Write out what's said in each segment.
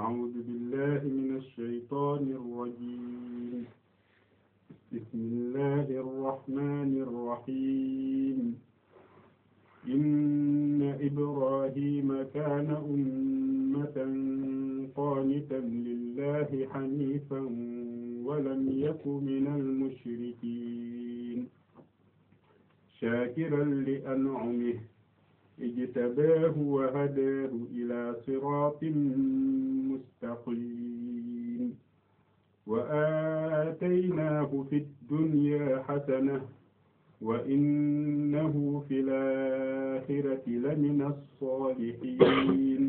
أعوذ بالله من الشيطان الرجيم بسم الله الرحمن الرحيم إن إبراهيم كان أمة قانتا لله حنيفا ولم يك من المشركين شاكرا لأنعمه ijtabaahu wa hadaahu ilaa siraatin mustaqiim wa aataynaahu fi dunyaa xasana wa innahu fi laaxirati lamina saalixiin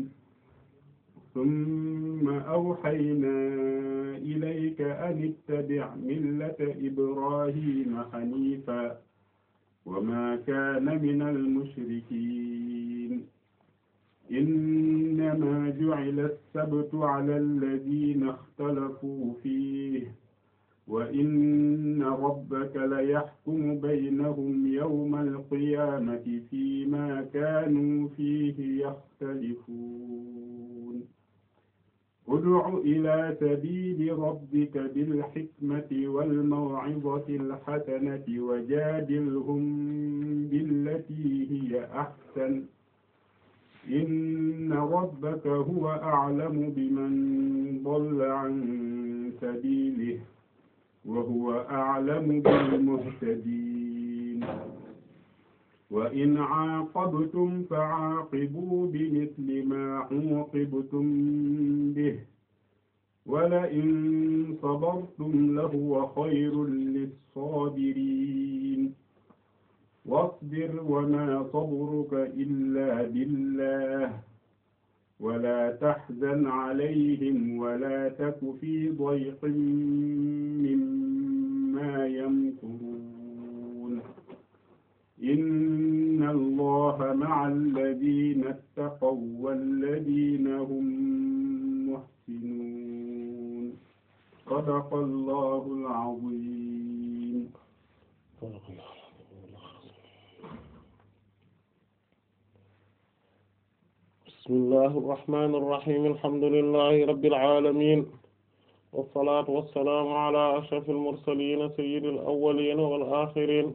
summa awxaynaa ilayka an ittabic millata ibraahiima xaniifa وما كان من المشركين إنما جعل السبت على الذين اختلفوا فيه وإن ربك ليحكم بينهم يوم القيامة فيما كانوا فيه يختلفون ud'u ilaa sabiili rabbika bilhikmati walmaw'izati alhasanati wajaadilhum billatii hiya ahsan inna rabbaka huwa a'lamu biman dalla an sabiilihi wa huwa a'lamu bilmuhtadiin وإن عاقبتم فعاقبوا بمثل ما عوقبتم به ولئن صبرتم لهو خير للصابرين واصبر وما صبرك إلا بالله ولا تحزن عليهم ولا تك في ضيق مما يمكرون إن الله مع الذين اتقوا والذين هم محسنون صدق الله العظيم صدق الله بسم الله الرحمن الرحيم الحمد لله رب العالمين والصلاة والسلام على أشرف المرسلين سيد الأولين والآخرين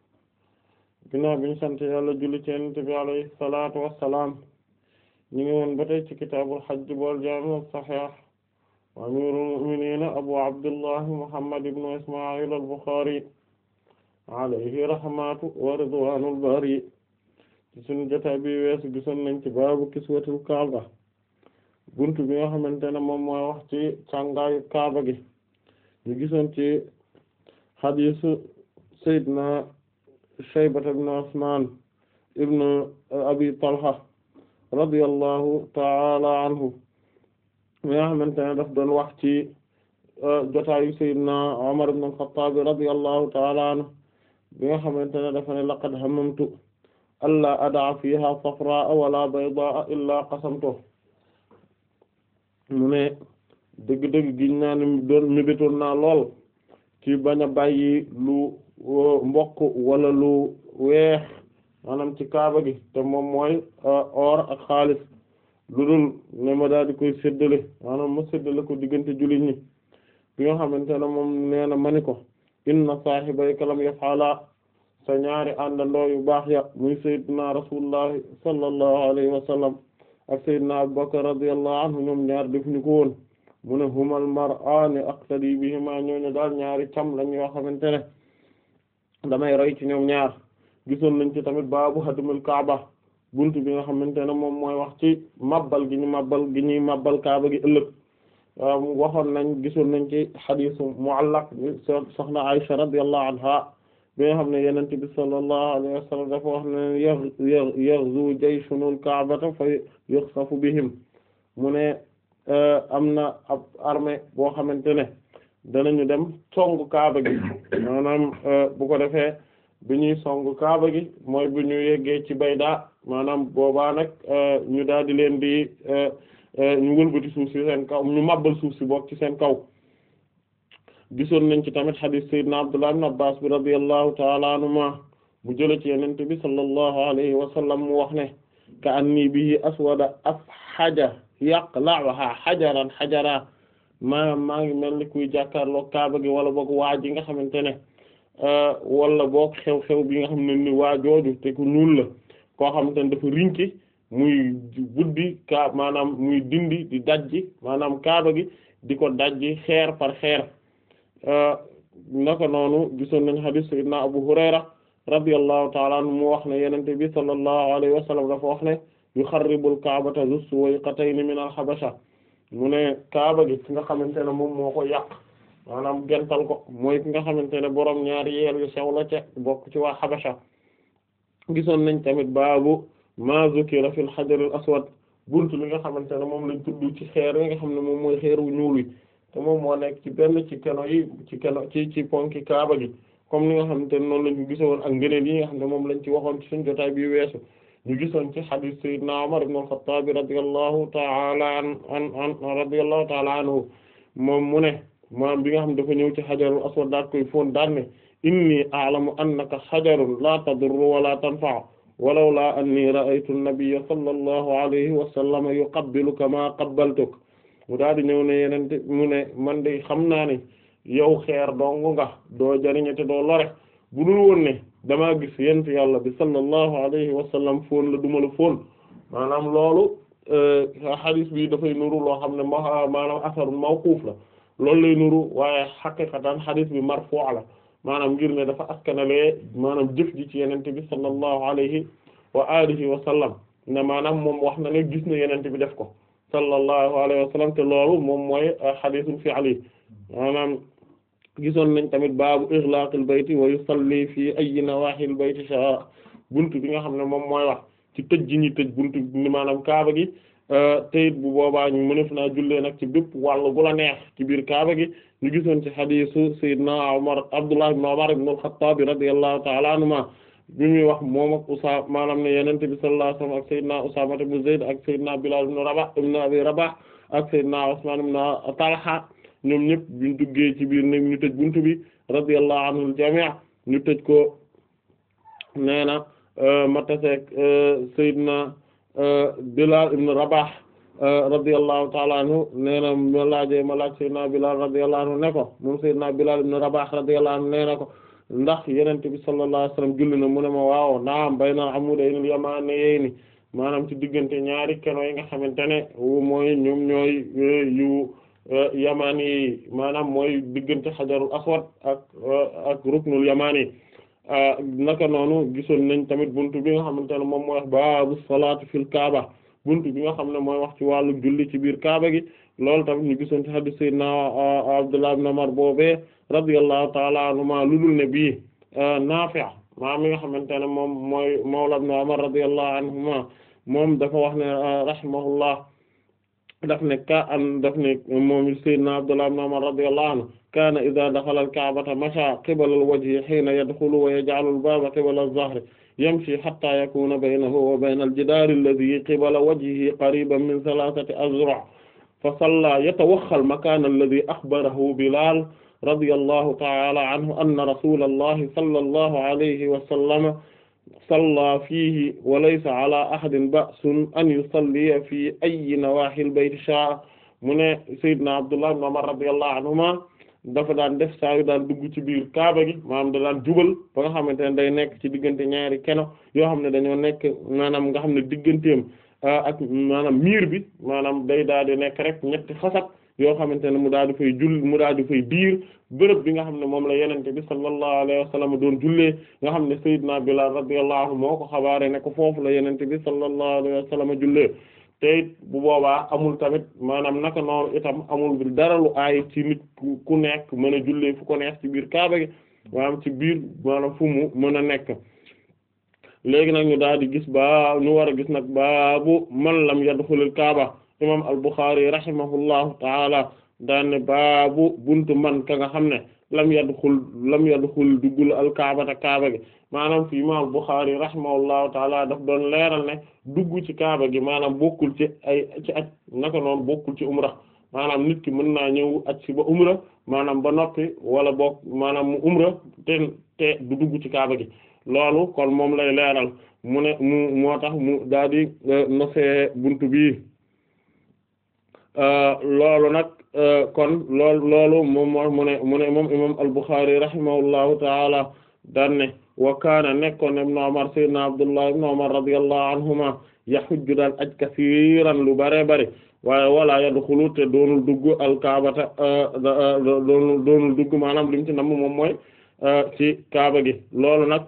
ginnaaw bi ñu sant yàlla julli ci Yonent bi wassalaam ñu ngi woon ba ci kitaabul hajj bool jaami sahih wa amiirul mu'miniin abu abdullah muhammad ibn isma'il al-Bukhari alayhi rahmatu wa ci sunu bi weesu gisoon nañ ci baabu kiswatul kaaba buntu bi nga xamante ne moom mooy wax ci càngaayu kaaba gi ñu gisoon ci hadiisu sayyidina Shaybata ibn Usmaan ibn Abi Talha radiyallahu ta'ala anhu mi nga xamante ne daf doon wax ci uh, jotaayu Seydina Umar ibn al anhu bi nga xamante ne dafa ne laqad hammamtu alla adaa fiha safraa wala baydaa illa qasamtu mu ne dëgg-dëgg giñ naa lool ci bañ a lu mboq wala lu weex maanaam ci kaaba gi te moom mooy euh, or ak xaalis lu dul ne ma daal di koy séddale maanaam ma séddale ko diggante jullit ñi bi nga xamante ne moom nee na mani ko inna saahibayka lam yafala sa ñaari àndandoo yu baax ya muy sayyidina rasulullah sallallahu alayhi wa sallam ak sayyidina abubakar radiyallahu anhu ñoom ñaar def ñu ko woon mu ne humal mar'ani aqtadi bihima ñooñu daal ñaari cam lañ yoo xamante ne damay roy ci ñoom ñaar gisoon nañ ci tamit baabu hadmul kaaba bunt bi nga xamante ne moom mooy wax ci mabbal gi ñu mabbal gi ñuy mabbal kaaba gi ëllëg waxoon nañ gisoon nañ ci xadiisu muallaq bi soxna Aysa radiyallahu anha bi xam ne yenente bi sallallahu alayhi wa sallam dafa wax ne yagh yaghzu jayshunul kaabata fa yukhsafu bihim mu ne am na ab armée boo xamante ne ñu dem songu kaaba gi maanaam euh, bu ko defee bu ñuy songu kaaba gi mooy bu ñu yeggee ci bayda maanaam boobaa nag euh, ñu daal di leen di euh, ñu wëlbati suuf si seen kaw ñu màbbal suuf si bokk ci seen kaw gisoon nañ ci tamit hadith sayyidina Abdullah ibn Abbas bi radiyallahu ta'ala anhuma mu jële ci yonent bi sallallahu alayhi wa mu wax ne ka bi bihi aswada af haja yaqla'uha hajaran hajara maanaam maa ngi mel ni kuy jàkkaarloo kaaba gi wala boog waa ji nga xamante ne euh, wala boog xew-xew bi nga xam ne ni waa jooju te ku ñuul la koo xamante ne dafa rinki muy buddi ka maanaam muy dindi di dajji maanaam kaaba gi di ko dajji xeer par xeer euh, naka noonu gisoon nañ hadith sayyidina Abu Hurayra radiyallahu ta'ala anhu mu wax ne yenente bi sallallahu alayhi wa sallam dafa wax ne yuxarribul kaabata zu suwayqatayn min al-habasha mu ne kaaba gi ki nga xamante ne moom moo ko yàq maanaam gental ko mooy ki nga xamante ne borom ñaari yeel yu sew la ca bokk ci waa Habasha gisoon nañ tamit baabu ma zukira fil hajaril aswad bunt li nga xamante ne moom lañ tudd ci xeer yi nga xam ne moom mooy xeeru wu yi te moom moo nekk ci benn ci keno yi ci keno ci ci ponki kaaba gi comme li nga xamante ne noonu lañ ko gisoon a ngëneel yi nga xam ne moom lañ ci waxoon ci suñ jotaay bi weesu ñu gisoon ci hadith sayyidina Umar ibn al-Khattab radiyallahu ta'ala an an radiyallahu ta'ala anhu moom mu ne maam bi nga xam dafa ñëw ci hajarul aswad daat koy foon daan ne inni a'lamu annaka hajarun la tadurru wa la tanfa'u walawla anni ra'aytu an-nabiyya sallallahu alayhi wa sallam yuqabbiluka ma qabbaltuk mu mu ne man de xam naa ne yow xeer dong nga doo jariñe lore bu dul damaa gis yent yàlla bi sallallahu alayhi wa sallam fóon la duma la fóon maanaam loolu xadis euh, bi dafay nuru loo xam ne ma maanaam asarul mawquuf la loolu lay nuru waaye xaqiqatan xadis bi marfuu' la maanaam ngir ne dafa askanalee maanaam jëf ji ci yenente bi sallallahu alayhi wa alihi wa sallam ne maanaam moom wax na ne gis ne yenente bi def ko sallallahu alayhi wa sallam te loolu moom mooy xadisul euh, fi'li maanaam gisoon nañ tamit baabu ixlaaqil bayti wa yusalli fii ay nawaahil bayti shaa buntu bi nga xam ne moom mooy wax ci tëj ji ñuy tëj buntu bi maanaam kaaba gi euh, teyit bu boobaa ñu mënef naa jullee nag ci bépp wàll gu la neex ci biir kaaba gi ñu gisoon ci hadiisu sayyidina Umar Abdullah ibn Umar ibn al-Khattab radiyallahu ta'ala anhuma bi muy wax moom ak Usaama maanaam ne yenente bi sallallahu alayhi wa sallam ak sayyidina Usaama ibn Zayd ak sayyidina Bilal ibn Rabah ibn Abi Rabah ak sayyidina Usman ibn ñoom ñëpp biñ ci biir néeg ñu tëj buntu bi radiyallahu anhum jami' ñu tëj ko nee na euh, ma taseeg euh, Seydina euh, Bilal ibn Rabah radiyallahu ta'ala anhu na ma laajee ma laaj Seydina Bilal radiyallahu anhu ne ko moom Seydina Bilal ibn Rabah radiyallahu anhu nee ko ndax yenente bi sallallahu alayhi wasallam julli na mu ne ma waaw naam baynal amudaynil yamaaniyayni maanaam ci diggante ñaari keno yi nga xamante ne mooy ñoom ñooy yu Eh, yamaani yi maanaam mooy diggante xajarul aswad ak eh, ak ruknul yamaani eh, naka noonu gisoon nañ tamit buntu bi nga xamante ne moom mooy wax baabu salaatu fil kaaba buntu bi nga xam ne mooy wax ci wàllu julli ci biir kaaba gi loolu tamit ñu gisoon ci hadith sayyidina Abdullah ibn Umar boobee radiyallahu ta'ala anhuma ludul ne bii Naafi' maa mi nga xamante ne moom mooy mawla ibn Umar radiyallahu anhuma moom dafa wax ne rahimahullah daf ne ka an daf ne moom sayyidina Abdullah ibn Umar radiyallahu anhu kaana idha dakhala al-ka'bata masha qibala al-wajhi hina yadkhulu wa yaj'alu al-baaba qibala az-zahri yamshi hatta yakuna baynahu wa bayna al-jidaari alladhi qibala wajhihi qariban min thalathati azra' fa salla yatawakhkhal al-makaan alladhi akhbarahu Bilaal radiyallahu ta'ala anhu anna rasuulallahi sallallahu alayhi wa sallama salla fiihi wa laysa ala ahadin ba'sun an yusalliya fi ayyi nawaahil bayti shaa'a mu ne Seydina Abdullah ibn Umar radiyallahu anhuma dafa daan def saa yu daan dugg ci biir kaaba gi maanaam da daan jubal ba nga xamante ne day nekk ci diggante ñaari keno yoo xam ne dañoo nekk maanaam nga xam ne diggante ah, ak maanaam miir bi maanaam day daal di nekk rek ñetti xasat yoo xamante ne mu daal di fay jull mu daal di fay biir bërëb bi nga xam ne moom la yenente bi sallallahu alayhi wa sallam doon jullee nga xam ne Seydina Bilal radiyallahu anhu moo ko xabaare ne ko foofu la yenente bi sallallahu alayhi wa sallam jullee te it bu boobaa amul tamit maanaam naka noonu itam amul dara lu aay ci ku nekk mën a jullee fu ko neex ci biir kaaba gi maanaam ci biir maanaam fu mu mën a nekk léegi nag ñu daal di gis baa ñu war a gis nag baabu man lam yadxulul kaaba imam al-Bukhari rahimahullahu taala daanne baabu bunt man ka nga xam ne lam yadxul lam yadxul duggul alkaabata kaaba gi maanaam fi imam al-Bukhari rahimahullahu taala daf doon leeral ne dugg ci kaaba gi maanaam bokkul ci ay ci at naka noonu bokkul ci umra maanaam nit ki mën naa ñëw at si ba umra maanaam ba noppi wala boog maanaam mu umra te te du dugg ci kaaba gi loolu kon moom lay leeral mu ne mu moo tax mu daal di eh, nofee buntu bii Euh, loolu nag euh, kon lool loolu moom moo mu ne mu ne moom imam al-Bukhari rahimahullahu taala daanne wa kaana nekkoon ibn Umar sayyidina Abdullah ibn Umar radiyallahu anhuma yahujju daan aj kasiiran lu bare bare waaye wala yadxulu te doonul dugg alkaabata euh, doonul doonul dugg maanaam lim ci namm moom mooy ci kaaba gi loolu nag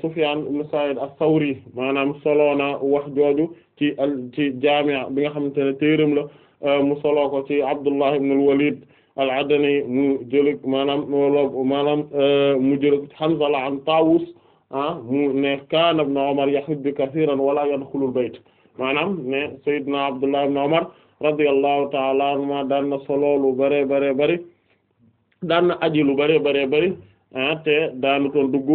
Sufyaan ibn Sa'iid as-Sawri maanaam solo na wax jooju ci al ci jaami'a bi nga xamante ne téeram la Euh, mu solo ko ci Abdullah ibn al-Walid al-Adani maanaam maanaam euh, mu jël Hanzala an Tawus ah, mu ne kaana ibn Umar yahujju kathiran wala yadkhulul bayt maanaam ne Seydina Abdullah ibn Umar radiyallahu ta'ala anhuma daan na solo lu bare bare bari daan na aji lu bare bare bare ah te daanu toon dugg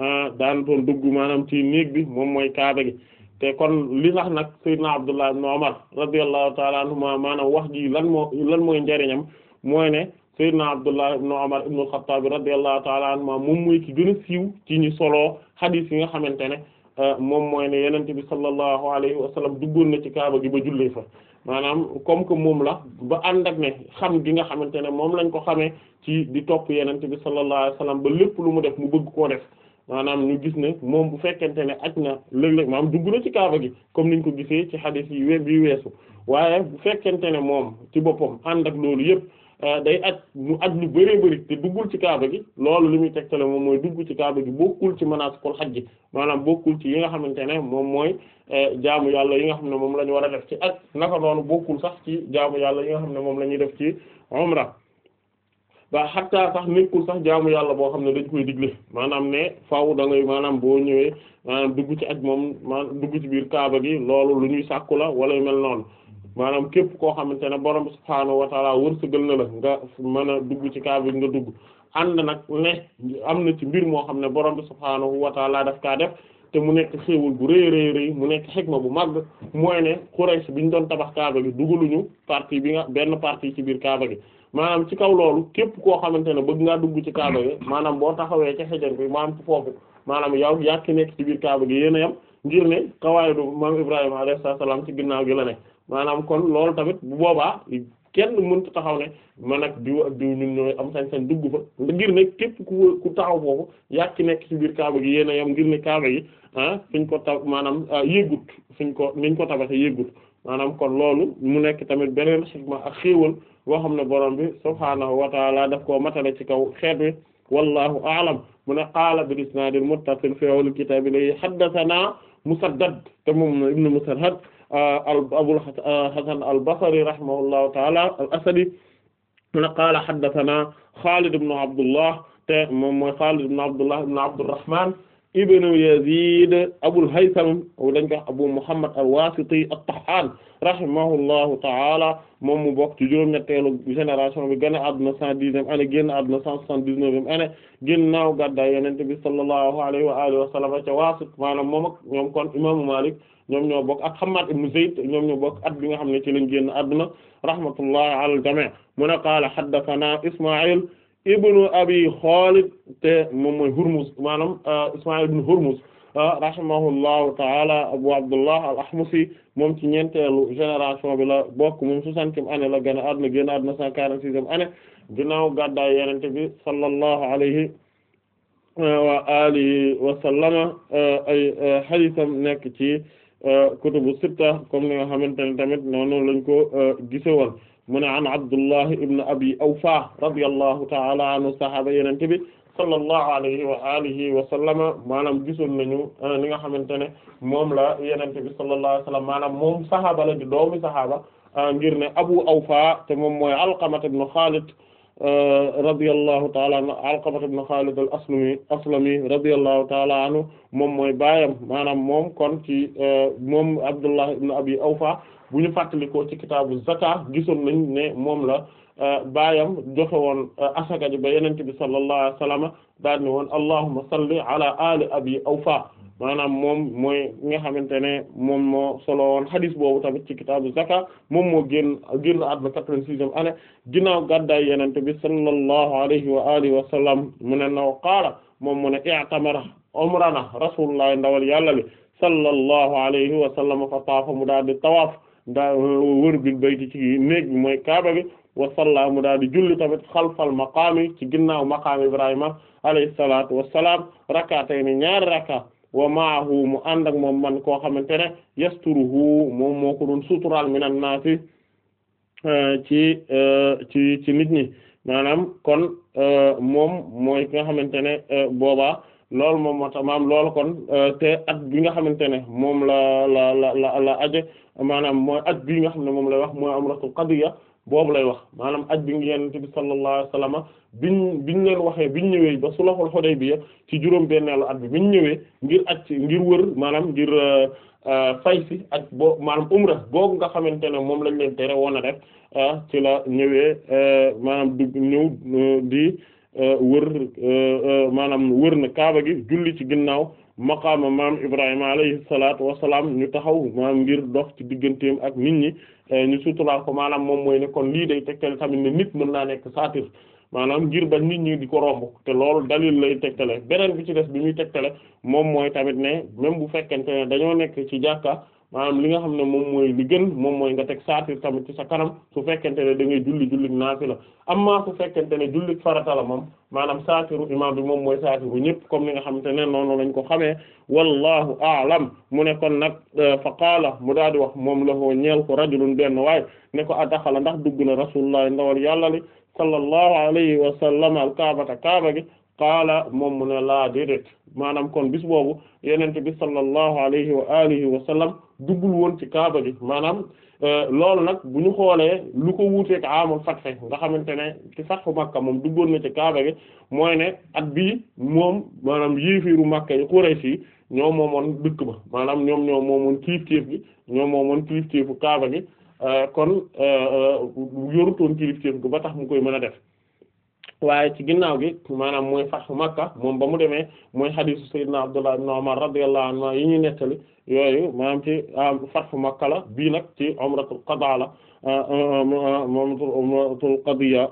ah daanu toon maanaam ci néeg bi moom mooy kaaba gi. te kon li tax nag sayyidna Abdullah ibn Umar radiyallahu ta'ala anhuma maanaam wax ji lan moo lan mooy njariñam mooy ne sayyidna Abdullah ibn Umar ibn al-Khattab radiyallahu ta'ala anhuma moom mooy ki gën a siiw ci ñu soloo xadiis yi nga xamante ne euh, moom mooy ne yenente bi sallallahu alayhi wa sallam duggoon na ci kaaba gi ba jullee fa maanaam comme que moom la ba ànd ak ne xam gi nga xamante ne moom lañ ko xamee ci di topp yenente bi sallallahu alayhi wa ba lépp lu mu def mu bëgg koo def maanaam ñu gis ne moom bu fekkente ne aj na léeg-léeg maanaam dugg na ci kaaba gi comme niñ ko gisee ci xadis yi web yi weesu waaye bu fekkente ne moom ci boppam ànd ak loolu yëpp euh, day aj mu aj lu bëree bëri te duggul ci kaaba gi loolu li muy tegtale moom mooy dugg ci kaaba gi kul ci manaasikul xaj ji maanaam bokkul ci yi nga xamante ne moom mooy euh, jaamu yàlla yi nga xam ne moom la ñu war a def ci aj naka noonu bokkul sax ci jaamu yàlla yi nga xam ne moom la ñuy def ci umra waa xatta sax nekkul sax jaamu yàlla boo xam ne dañ koy digle maanaam ne faaw da ngay maanaam boo ñëwee maanaam dugg ci ak moom maanaam dugg ci biir kaaba gi loolu lu ñuy sàkku la wala mel noonu maanaam képp koo xamante ne borom subhaanahu wa taala wërsëgal na la nga mën a dugg ci kaaba gi nga dugg ànd nag ne am na ci mbir moo xam ne borom bi subhaanahu wa taala daf kaa def te mu nekk xéewal bu rëy rëy rëy mu nekk ma bu màgg mooy ne bi ñu doon tabax kaaba gi dugaluñu partie bi nga benn partie ci biir kaaba gi maanaam ci kaw loolu képp koo xamante ne bëgg ngaa dugg ci kaaba gi maanaam boo taxawee ci xejar bi maanaam ci foofu maanaam yow yaa ki nekk ci biir kaaba gi yéen a ngir ne kawaayu du maam Ibrahima alayhi salaam ci ginnaaw gi la ne maanaam kon loolu tamit bu boobaa kenn mënut taxaw ne man ak diw ak diw ñun ñooy am sañ-sañ dugg fa képp ku ku taxaw foofu yàq nekk ci biir kaaba gi yéen a yem ngir ne kaaba gi ah fiñ ko ta maanaam ah, yëgut fiñ ko niñ ko tabaxee yëgut maanaam kon loolu mu nekk tamit beneen xikma ak xéewal boo xam ne borom bi subhaanahu wa taala daf koo matale ci kaw xeet wi wallahu aalam mu ne qaala bil isnaadil muttasil fi awwalil kitaab li haddasanaa Musaddad te moom ibnu Musarhad Abul Hasan al-Basri rahimahullahu taala al-Asadi mu ne qaala haddasanaa Xaalid ibnu Abdullah te moom mooy Xaalid ibnu Abdullah ibnu Abdurrahmaan ibn Yazid Abul Haytham dañ ko Abu Muhammad al-Wasiti at-Tahhan rahimahullahu ta'ala moom mu bokk ci juróom-ñetteelu génération bi gën a àdduna cent dixième année génn àdduna cent soixante-dix-neuvième année ginnaaw gàddaay Yonent bi sallallahu alayhi wa alihi wa sallam ca Waasit maanaam moom ak ñoom kon imaamu Malik ñoom ñoo bokk ak Hammad ibn Zayd ñoom ñoo bokk at bi nga xam ne ci lañ génn àdduna rahmatullahi ala al-jami' mu ne qaala haddathana Isma'il ibnu abi Khalid te moom mooy Hurmuz maanaam euh, Isma'il ibn Hurmuz euh, rahimahullahu ta'ala Abu Abdullah al-Ahmusi moom ci ñeenteelu génération bi la bokk moom soixantième année la gën a àdduna génn àdduna cent quarante-sixième année ginnaaw gàddaay Yonent bi sallallahu alayhi euh, wa alihi wa sallama ay nekk ci kutubu sitta comme ni nga xamante ne tamit noonu lañ ko gisewoon mu ne an Abdullah ibn Abi Awfa radiyallahu ta'ala anhu sahaaba yeneen bi sallallahu alayhi wa alihi wa sallama maanaam gisoon nañu eh, li nga xamante ne moom la yeneen bi sallallahu alayhi maanaam moom sahaaba la di doomi sahaaba eh, ngir ne Abu Awfa te moom mooy Alqamata ibn Khalid radiyallahu taala anhu Alqamah ibn Khalid al-Aslami aslami radiyallahu taala anhu moom mooy baayam maanaam moom kon ci euh, moom Abdullah ibn Abi Awfa bu ñu fàttali ko ci kitaabu zaka gisoon nañ ne moom la baayam joxe woon uh, asaka ji ba yenente bi sallallahu alayhi wa sallam daal ni woon allahumma salli ala ali abi awfa maanaam moom mooy nga xamante ne moom moo solo woon hadis boobu tamit ci kitaabu zaka moom moo génn génn àdduna quatre-vingt-sixième année ginnaaw gàddaay yenente bi sallallahu alayhi wa alihi wa sallam mu ne naw qaala moom mu ne i'tamara umrana rasulullah ndawal yàlla li sallallahu alayhi wa sallam fa taafa mu daal di tawaaf daa wër bil bayti ci néeg bi mooy kaaba bi wa salla mu daal di julli tamit xalfal maqaami ci ginnaaw maqaami Ibrahima alayhi salaatu wa salaam rakatayni ñaari raka wa maahu mu ànd ak moom man koo xam ne yasturuhu moom moo ko doon suturaal minan naasi euh, ci euh, ci ci nit ñi maanaam kon euh, moom mooy ki nga xamante ne boobaa loolu moom moo tax maam kon te at bi nga xamante ne moom la la la la la aje maanaam mooy at bi nga xam ne moom lay wax mooy umratul qadiya boobu lay wax maanaam aj bi ngi yenente bi sallallahu alayhi wasallam biñ biñ leen waxee biñ ñëwee ba sulhul Hudaybiya ci juróom benneelu at bi biñ ñëwee ngir aj ngir wër maanaam ngir euh, euh, fay si ak boo maanaam umra boobu nga xamante ne moom lañ leen tere woon a def euh, ci la ñëwee maanaam du ñëw di wër maanaam wër na kaaba gi julli ci ginnaaw maqaama maam Ibrahima alayhi salaatu wa salaam ñu taxaw maam ngir dox ci digganteem ak nit ñi eh, ñu suturaal ko maanaam moom mooy ne kon lii day tegtale tamit ne nit mën naa nekk saatir maanaam ngir ba nit ñi di ko romb te loolu dalil lay tegtale beneen bi ci des bi muy tegtale moom mooy tamit ne même bu fekkente ne dañoo nekk ci jàkka. maanaam li nga xam ne moom mooy li gën moom mooy nga teg saatir tamit ci sa kanam su fekkente ne da ngay julli julli naafila amma su fekkente ne julli farata la moom maanaam saatiru imam bi moom mooy bu ñëpp comme li nga xamante ne noonu lañ ko xamee wallahu aalam mu ne kon nag euh, fa qaala mu daal di wax moom la ko ñeel ko rajulun benn waaye ne ko adaxala ndax dugg na rasulullah ndawal yàlla li sallallahu alayhi wa sallam al kaabata kaaba gi qaala moom mu ne laa déedéet maanaam kon bis boobu yenente bi sallallahu alayhi wa alihi wa sallam duggul woon ci kaaba gi maanaam euh, loolu nag bu ñu xoolee lu ko wuuteeg amul fatxe nga xamante ne ci fatxu Makka moom duggoon na ci kaaba gi mooy ne at bii moom maanaam yéefiiru Makka yi Quraysh yi ñoo moon dëkk ba maanaam ñoom ñoo moomoon kilifteef gi ñoom ñoo moomoon kilifteefu kaaba gi euh, kon euh, yorutoon kilifteef gi ba tax mu koy mën a def waaye ci ginnaaw gi maanaam mooy fathu Makka moom ba mu demee mooy hadiisu Sayyidina Abdullah ibn Umar radiyallahu anhu yi ñuy nettali yooyu maanaam ci ah, fathu Makka la bii nag ci umratul qadaa la ah, ah, umratul qadiya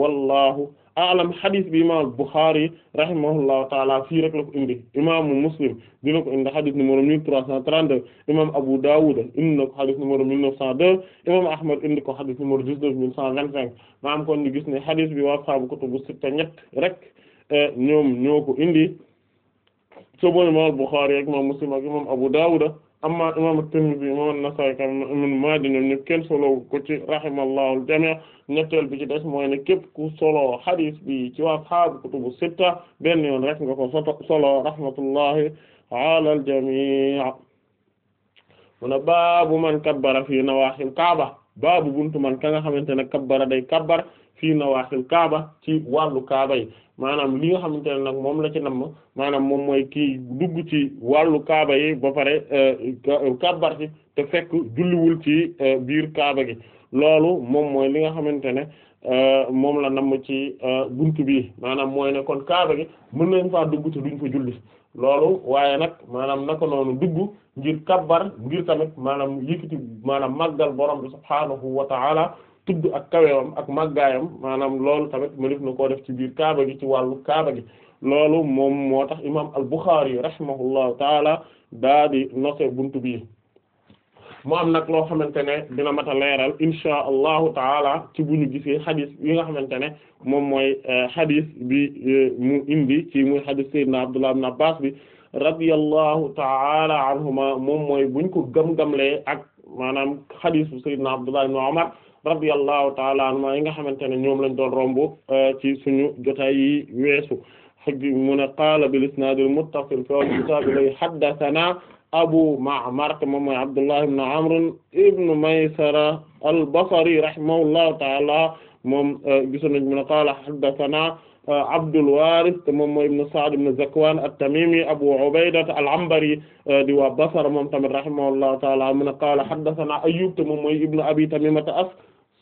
wallahu alam xadis bi imaam Bukhari rahimahullahu taala fii rek la ko indi imaamu Muslim dina ko indi xadis numéro 1332 imaam Abu Dawud indi na ko xadis numéro 1902 imaam Ahmad indi ko xadis numéro 19125 maanaam kon ñu gis ne xadis bi waa saabu kutubu sitta ñett rek eh, ñoom ñoo ko indi soo boole imaam Bukhari ak imaam Muslim Abu Dawud. amma imam at-Tirmidhi imam an-Nasa'i kam min maadi ñoom ñëpp kenn solo ko ci rahimahullahu al-jami' ñetteel bi ci des mooy ne képp ku solo hadith bi ci waa ashaabu kutubu sitta benn yoon rek nga ko solo rahmatullahi ala al-jami' mu ne baabu man kabbara fii nawaahil kaaba baabu buntu man ka nga xamante ne kabbara day kabbar fii nawaahil kaaba ci wàllu kaaba yi maanaam li nga xamante ne nag moom la ci namm maanaam moom mooy kii dugg ci wàllu kaaba yi ba pare euh, kabbar ci te fekk julliwul ci euh, biir kaaba gi loolu moom mooy li nga xamante ne euh, moom la nam ci buntu bi maanaam mooy ne kon kaaba gi mën nañ faa dugg te duñ fa julli loolu waaye nag maanaam naka noonu dugg ngir kabbar ngir tamit maanaam yëkkati maanaam màggal borom bi subhaanahu wa ta'ala tudd ak kawewam ak màggaayam maanaam loolu tamit mënif na koo def ci biir kaaba gi ci wàllu kaaba gi loolu moom moo tax imaam al-Bukhari rahimahullahu taala daa di nose buntu bii mu am nag loo xamante ne dina mat leeral insha allahu taala ci bu ñu gisee xadis yi nga xamante ne moom mooy eh, xadis bi eh, mu indi ci muy xadis Seydina Abdullah ibn Abbas bi radiyallahu taala anhuma moom mooy buñ ko gam-gamlee ak maanaam xadisu Seydina Abdullah ibn Umar radiyallahu taala anhuma yi nga xamante ne ñoom lañ doon romb euh, ci suñu jotaay yi weesu xëggi mu ne qaala bil isnaadil muttasil fil kitaab lay haddathana abu ma'mar moom mooy abdullah ibn amr ibn maysara al-basri rahimahullahu taala moom euh, gisoon nañ mu ne qaala haddathana euh, Abdul Waaris moom mooy ibn Sa'd ibn Zakwan at-Tamimi Abu Ubayda al-Anbari di waa Basra moom tamit rahimahullahu ta'ala mun qaala haddathana Ayyub moom mooy ibn Abi Tamima as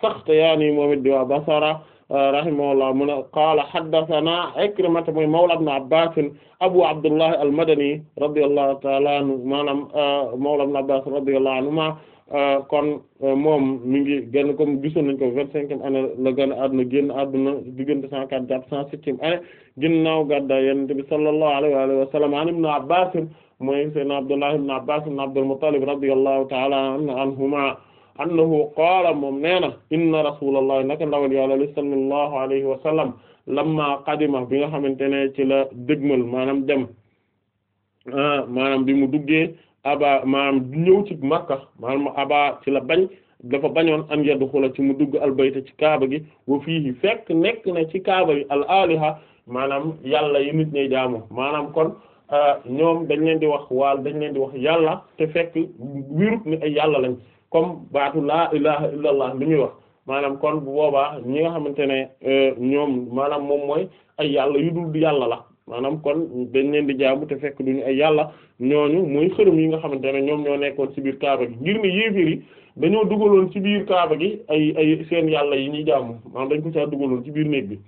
Saxtiyaani moom it di waa Basra euh, rahimahullah mu ne qaala haddasanaa Ikrimata mooy mawlaa ibn Abbaas Abu Abdullah al-Madani radiyallahu ta'ala anhu maanaam euh, mawlaa ibn Abbaas radiyallahu anhumaa euh, kon moom mi ngi génn comme gisoon nañ ko vingt-cinquième année la gën a àdduna génn àdduna diggante cent quatre jàpp cent septième année ginnaaw gàddaay Yonent bi sallallahu alayhi wa alihi wa sallam an ibn Abbaas mooy sayyidina Abdullah ibn Abbaas ibn Abdul Muttalib radiyallahu ta'ala anhumaa annahu qaala moom nee na inna rasulullah naka ndawal yàlla li sallallahu alayhi wa lama lamma bi nga xamante ne ci la dégmal maanaam dem ah, maanaam bi mu duggee aba maanaam ñëw ci makka maanaam aba ci la bañ dafa bañoon an yadxula ci mu dugg albayta ci kaaba gi wa fiihi fekk nekk na ci kaaba gi al aliha maanaam yàlla yi nit ñay jaamu maanaam kon ah, ñoom dañ leen di wax waal dañ leen di wax yàlla te fekk wirut ni ay yàlla lañ comme baatu laa ilaha illallah bi ñuy wax maanaam kon bu boobaa ñi nga xamante ne euh, ñoom maanaam moom mooy ay yàlla yu dul yàlla la maanaam kon dañ leen di jaamu te fekk duñu ay yàlla ñooñu mooy xërëm yi nga xamante ne ñoom ñoo nekkoon si biir kaaba gi ngir ne yéeféer yi dañoo dugaloon ci biir kaaba gi ay ay seen yàlla yi ñuy jàmm maa dañ ko caa dugaloon ci biir néeg bi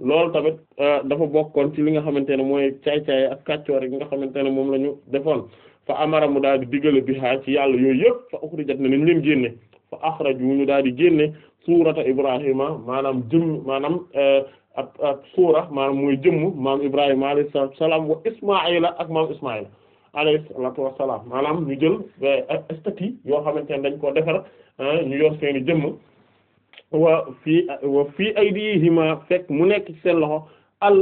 loolu tamit euh, dafa bokkoon ci li nga xamante ne mooy caay-caay ak yi nga xamante ne moom la ñu defoon fa amara mu daal di digale bi haa ci yàlla yooyu yëpp fa uxrijat na nañ leen génne fa axraju ñu daal di génne suurata Ibrahima maanaam jëmm maanaam ak eh, ak suura maanaam mooy jëmm maam Ibrahima alayhi salaam wa Ismaa'ila ak maam Ismaa'ila alayhi salaatu wa salaam maanaam ñu jël eh, statue yoo xamante ne dañ koo defar eh, ñu yor seeni jëmm wa fii wa fii aydihima fekk mu nekk ci seen loxo. al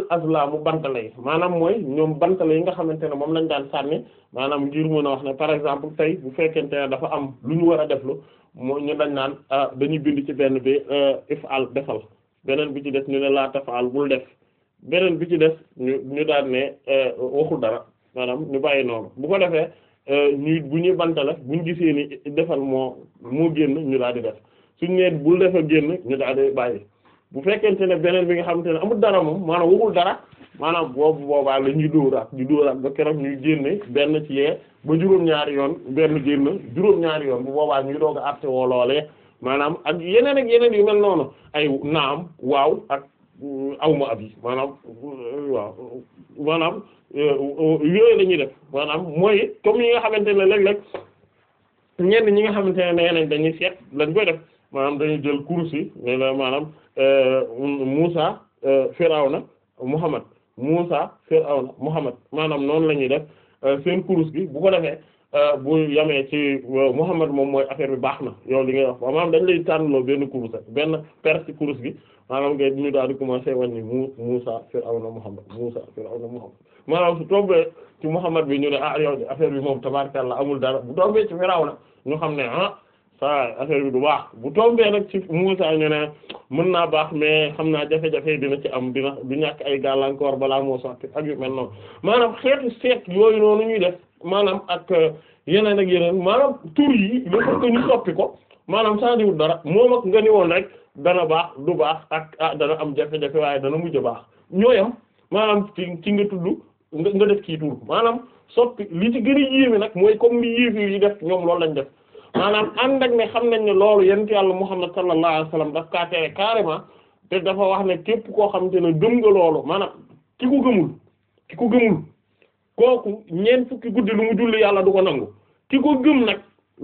mu bantala yi maanaam mooy ñoom bantala yi nga xamante ne moom lañ daan sànni maanaam ngir mën a wax ne par exemple tey bu fekkente ne dafa am lu ñu war a deflu moo dañ naan ah, dañuy bind ci benn bi euh, ifal defal beneen bi ci des ñu ne laa tafaal bul def beneen bi ci des ñu ñu daan ne euh, waxul dara maanaam ñu bàyyi noonu bu ko defee euh, ñuy bu ñuy bantala bu ñu gisee ni defal moo moo génn ñu daal di def suñu nee bul defa génn ñu daal di bàyyi bu fekkente ne beneen bi nga xamante ne amut dara moom maanaam waxul dara maanaam boobu boobaa la ñuy dóoraat di dóoraat ba keroog ñu génne benn ci yee ba juróom-ñaari yoon benn génn juróom-ñaari yoon bu boobaa ñuy doog a àtte woo maanaam ak yeneen ak yeneen yu mel noonu ay naam waaw ak awma ab yi maanaam waaw maanaam yooyu la def maanaam mooy comme yi nga xamante ne léeg-léeg ñenn ñi nga xamante ne nee nañ dañuy seet lañ koy def maanaam dañu jël kursi maanaam euh, Musa euh, Firawna Muhammad Musa Firawna Muhammad maanaam noonu la ñuy def euh, seen kurus gi bu ko defee bu yamee ci Muhammad moom mooy affaire bi baax na yow li ngay wax maanaam dañ lay tànnloo benn kurus benn per ci kurus gi maanaam ngay ñu daal di commencer wàññi mu Musa Firawna Muhammad Musa Firawna Muhammad maanaam su tombee ci Muhammad bi ñu ne ah yow affaire bi moom tabarakallah amul dara bu tombee ci Firawna ñu xam ah, saa affaire bi du baax bu tombee nag ci Muusaa ñu ne mën naa baax mais xam naa jafe-jafe dina ci am dina du ñàkk ay gàllankoor balaa moo sotti ak yu mel noonu maanaam xeetu seet yooyu noonu ñuy def maanaam ak euh, yeneen ak yeneen maanaam tur yi le fait ko maanaam saa diwul dara moom ak nga ni woon rek dana baax du baax ak ah dana am jafe waaye dana mujj baax ñooyam maanaam ci ci nga tudd nga nga def kii tur maanaam soppi li ci gën a yéeme nag mooy comme li yéefi yi def ñoom loolu lañ def maanaam ànd ak ne xam nañ ne loolu yonent yàlla Muhammad sallallahu alayhi wa sallam daf kaa tere carrément te dafa wax ne képp koo xamante ne gëm nga loolu maanaam ki ko gëmul ki ko gëmul kooku lu mu julli yàlla du ko nangu ki ko gëm nag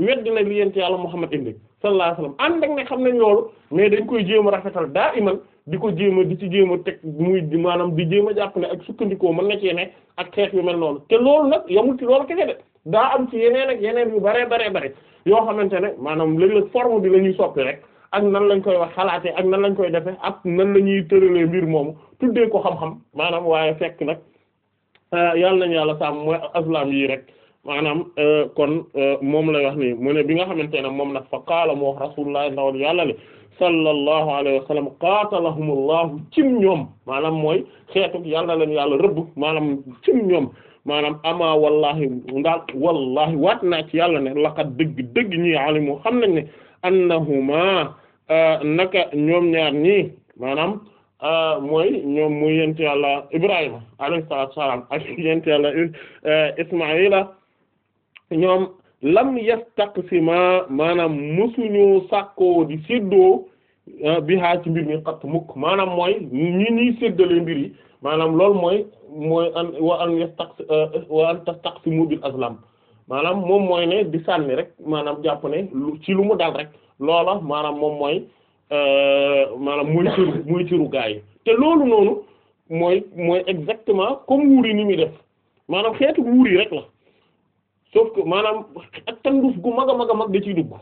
weddi na li yonent yàlla Muhammad indi sallallahu alayhi wa sallam ànd ak ne xam nañ loolu mais dañ koy jéem a rafetal daa iman di ko jéem a di ci jéem a teg muy maanaam di jéem a jàpp ne ak sukkandikoo mën na cee ne ak xeex yu mel noonu te loolu nag yamul ci loolu kese de. daa am ci yeneen ak yeneen yu bare baree bare yoo xamante ne maanaam léeg-léeg forme bi la ñuy soppi rek ak nan lañ koy wax xalaatee ak nan lañ koy defee ak nan la ñuy tëralee mbir moom tuddee ko xam-xam maanaam waaye fekk nag euh, yàlla nañu yàlla sàmm mooy aslaam yi rek maanaam euh, kon euh, moom lay wax nii mu bi nga xamante ne moom nag fa qaala moo wax rasulullah ndawal yàlla le sallallahu alayhi wa sallam qatalahum allahu cim ñoom maanaam mooy xeetuk yàlla leen yàlla rëbb maanaam cim ñoom maanaam ama wallahi ndaal wallahi waat naa ci yàlla ne laqad dëgg dëgg ñi alimu xam nañ ne annahuma euh, naka ñoom ñaar ñii maanaam euh, mooy ñoom muy yent yàlla ibrahima alayhi salaatu salaam ak yent yàlla euh, ismaila ñoom lam yastaqsima maanaam musuñu sàkkoo di bi haa ci mbir mi xat mukk maanaam mooy ñi ñuy séddale mbir yi maanaam loolu mooy mooy an wa an yastaq euh, wa an tastaqsimu bil maanaam moom mooy ne di sànni rek maanaam jàpp ne lu ci lu mu dal rek loola maanaam moom mooy euh, maanaam mooy ciru mooy ciru gaa yi te loolu noonu mooy mooy exactement comme wuur yi ni muy def maanaam xeetu wuur yi rek la sauf que maanaam ak tanduf gu mag a mag a mag da ciy dugg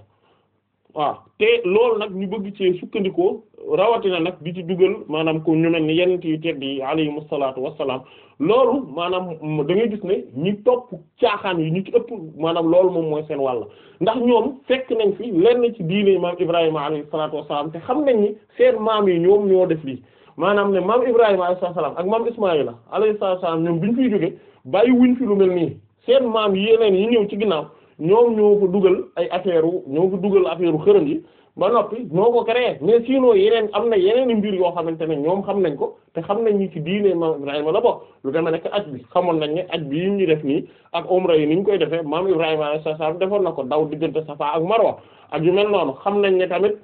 waaw te loolu nag ñu bëgg ci sukkandikoo rawatina nag bi ci dugal maanaam ko ñu mel ni yenent yu tedd yi alayhimu salaatu wassalaam loolu maanaam da ngay gis ne ñi topp caaxaan yi ñu ci ëpp maanaam loolu moom mooy seen wàll ndax ñoom fekk nañ fi lenn ci diine maam Ibrahima alayhi salaatu wassalaam te xam nañ ni seen maam yi ñoom ñoo def lii maanaam ne maam Ibrahima alayhi salaam ak maam Ismaayila alayhi salaam ñoom bi ñu fiy jógee bàyyi wuñ fi lu mel nii seen maam yeneen yi ñëw ci ginnaaw ñoom ñoo ko dugal ay affaire u ñoo ko dugal affaire u xërëm yi ba noppi ñoo ko créé mais sinon yeneen am na yeneen mbir yoo xamante ne ñoom xam nañ ko te xam nañ ñi ci diine maam Ibrahima la bokk lu deme nekk aj bi xamoon nañ ne aj bi yi def nii ak umra yi ni ñu koy defee maam Ibrahima alayhi salaam defoon na ko daw diggante Safa ak Marwa ak yu mel xam nañ ne tamit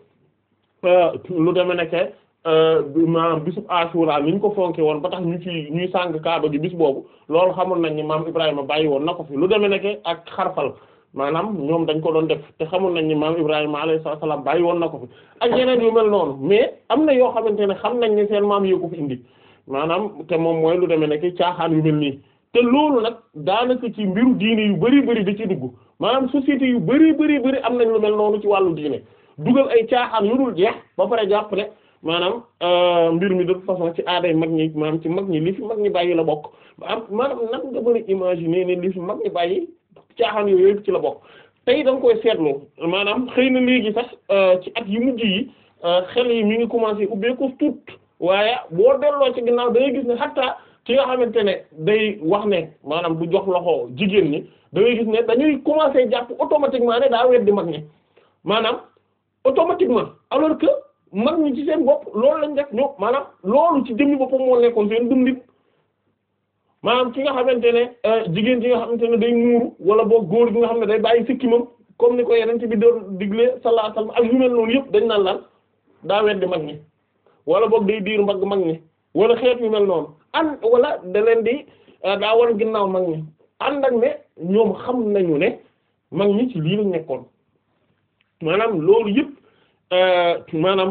euh, lu deme nekke euh, maanaam bisub Ashura ni ñu ko fonke woon ba tax ñu ci ñuy sàng kaaba gi bis boobu loolu xamoon nañ ni maam Ibrahima bàyyi woon na ko fi lu deme nekke ak xarfal maanaam ñoom dañ ko doon def te xamul nañ ni maam Ibrahima alayhi salaam bàyyi woon na ko fi ak yeneen yu mel noonu mais am na yoo xamante ne xam nañ ne seen maam yi ko fi indi maanaam te moom mooy lu demee nekk caaxaan yu mel nii te loolu nag daanaka ci mbiru diine yu bari bëri da ci dugg maanaam société yu bëri bari bari am nañ lu mel noonu ci wàllu diine dugal ay caaxaan yu dul jeex ba pare jàpp ne maanaam euh, mbir mi de toute façon ci aaday mag ñi maam ci mag ñi li mag ñi bàyyi la bokk maanaam nag nga mën a imaginer ne li fi mag ñi caaxaan yooyu yëpp ci la bokk tey da nga koy seetlu maanaam xëy na léegi sax euh, ci at yu mujj yi euh, xel yi mi ngi commencé ubbeeku tuut waaye boo delloo ci ginnaaw da ngay gis ne xataa ki nga xamante ne day wax ne maanaam du jox loxo jigéen ñi da ngay gis ne dañuy commencé jàpp automatiquement ne daa di mag ñi maanaam automatiquement alors que mag ñi ci seen bopp loolu lañ def ñoom maanaam loolu ci jëmmi boppam moo nekkoon seen dundin. maanaam ki nga xamante ne euh, jigéen ci nga xamante ne day muuru wala boo góor bi nga xam ne day bàyyi moom comme ni ko yeneen ci bi doon digle sallallahu alayhi wasallam ak yu mel noonu yëpp dañ naan lan daa weddi mag ñi wala boog day diir mbagg mag ñi wala xeet yu mel noonu an wala da leen di euh, daa war ginnaaw mag ànd ak ne ñoom xam nañu ne mag ñi ci lii lañ nekkoon maanaam loolu yëpp euh, maanaam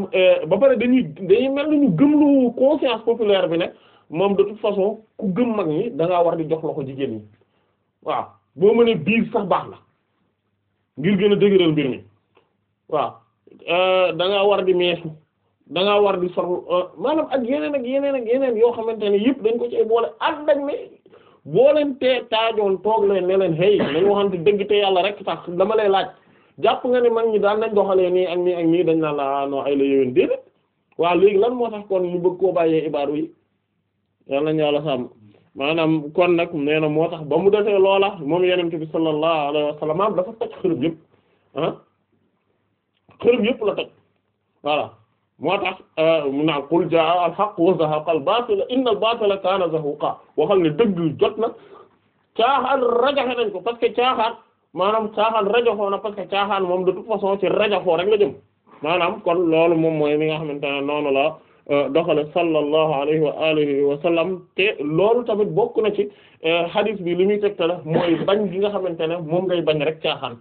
ba pare dañuy dañuy mel ni ñu gëm lu conscience populaire bi ne moom de toute façon ku gëm mag ñi da ngaa war di jox loxo jigéen ñi waaw boo mënee biir sax baax na ngir gën a dëgëral mbir mi waaw euh, da war di meesu da ngaa war di sol euh, maanaam ak yeneen ak yeneen ak yeneen yoo xamante ne yëpp dañ ko ci boole ak dañ ne boo leen tee taajoon toog leen ne leen hey nañ waxante dëgg te yàlla rek tax dama lay laaj jàpp nga ne mag ñi daal nañ doxalee nii ak nii ak nii dañ naan la ah, non ay la yowén déedéet waaw léegi lan moo tax kon ñu bëgg koo bàyyee ibaaru yi yàlla nañu yàlla sàmm maanaam kon nag nee na moo tax ba mu defee loola moom yenente bi sallallahu alayhi wa sallam la dafa toj xërëb yëpp ah xërëb yëpp la toj voilà moo tax euh, mu naan qul jaa al haqq wa zahaqa al baatil inna al baatila kaana zahuqa waxal ne dëgg jot na caaxaan rajaxe nañ ko parce que caaxaan maanaam caaxaan rajaxoo na parce que caaxaan moom de toute façon ci rajaxoo rek la jëm maanaam kon loolu moom mooy mi nga xamante ne noonu la doxale sallallahu alayhi wa alihi wa sallam te loolu tamit bokk na ci euh, hadith bi li muy tegtale mooy bañ gi nga xamante ne moom ngay bañ rek caaxaan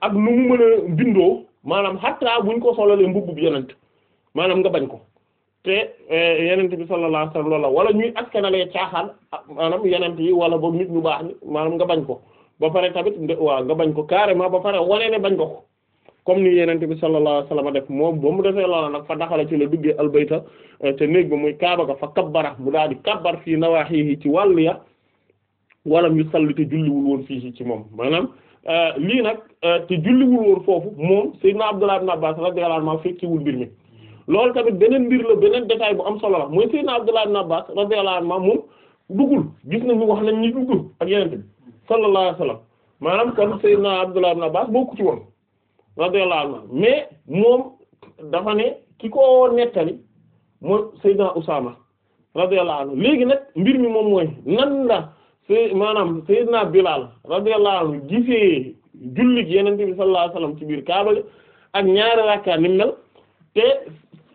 ak nu mu mën a bindoo maanaam xataa buñ ko solalee mbubb bi yenent maanaam nga bañ ko te euh, yenent bi sallallahu alayhi wa sallam loola wala ñuy askanalee caaxaan maanaam yenent yi wala ba nit ñu baax ni maanaam nga bañ ko ba pare tamit nga nga bañ ko carrément ba pare wane ne bañ ko ko comme ni yenente bi sallallahu alayhi wasallam def moom ba mu defee loola nag fa daxala ci la duggee albayta eh, te néeg ba muy kaaba ga fa kabbara mu daal di kabbar fii nawaahihi ci wàllu ya walam yu salli te julliwul woon fii ci moom maanaam eh, lii nag eh, te julliwul woon foofu moom sayyidna Abdullah ibn Abbas radiyallahu anhu fekkiwul mbir mi loolu tamit beneen mbir la beneen détail bu am solo la mooy sayyidna Abdullah ibn Abbas radiyallahu anhu moom duggul gis nañu wax nañ ni duggul ak yenente bi sallallahu alayhi wasallam maanaam kon sayyidna Abdullah ibn Abbas bokku ci woon radiyallahu anhu mais moom dafa ne ki ko nettali mooy Seydina Usaama radiyallahu anhu léegi nag mbir mi moom mooy nan la se maanaam Seydina Bilal radiyallahu anhu gisee jullit Yonent bi sallallahu alayhi wasallam ci biir Kaaba ak ñaari rakka ni mel te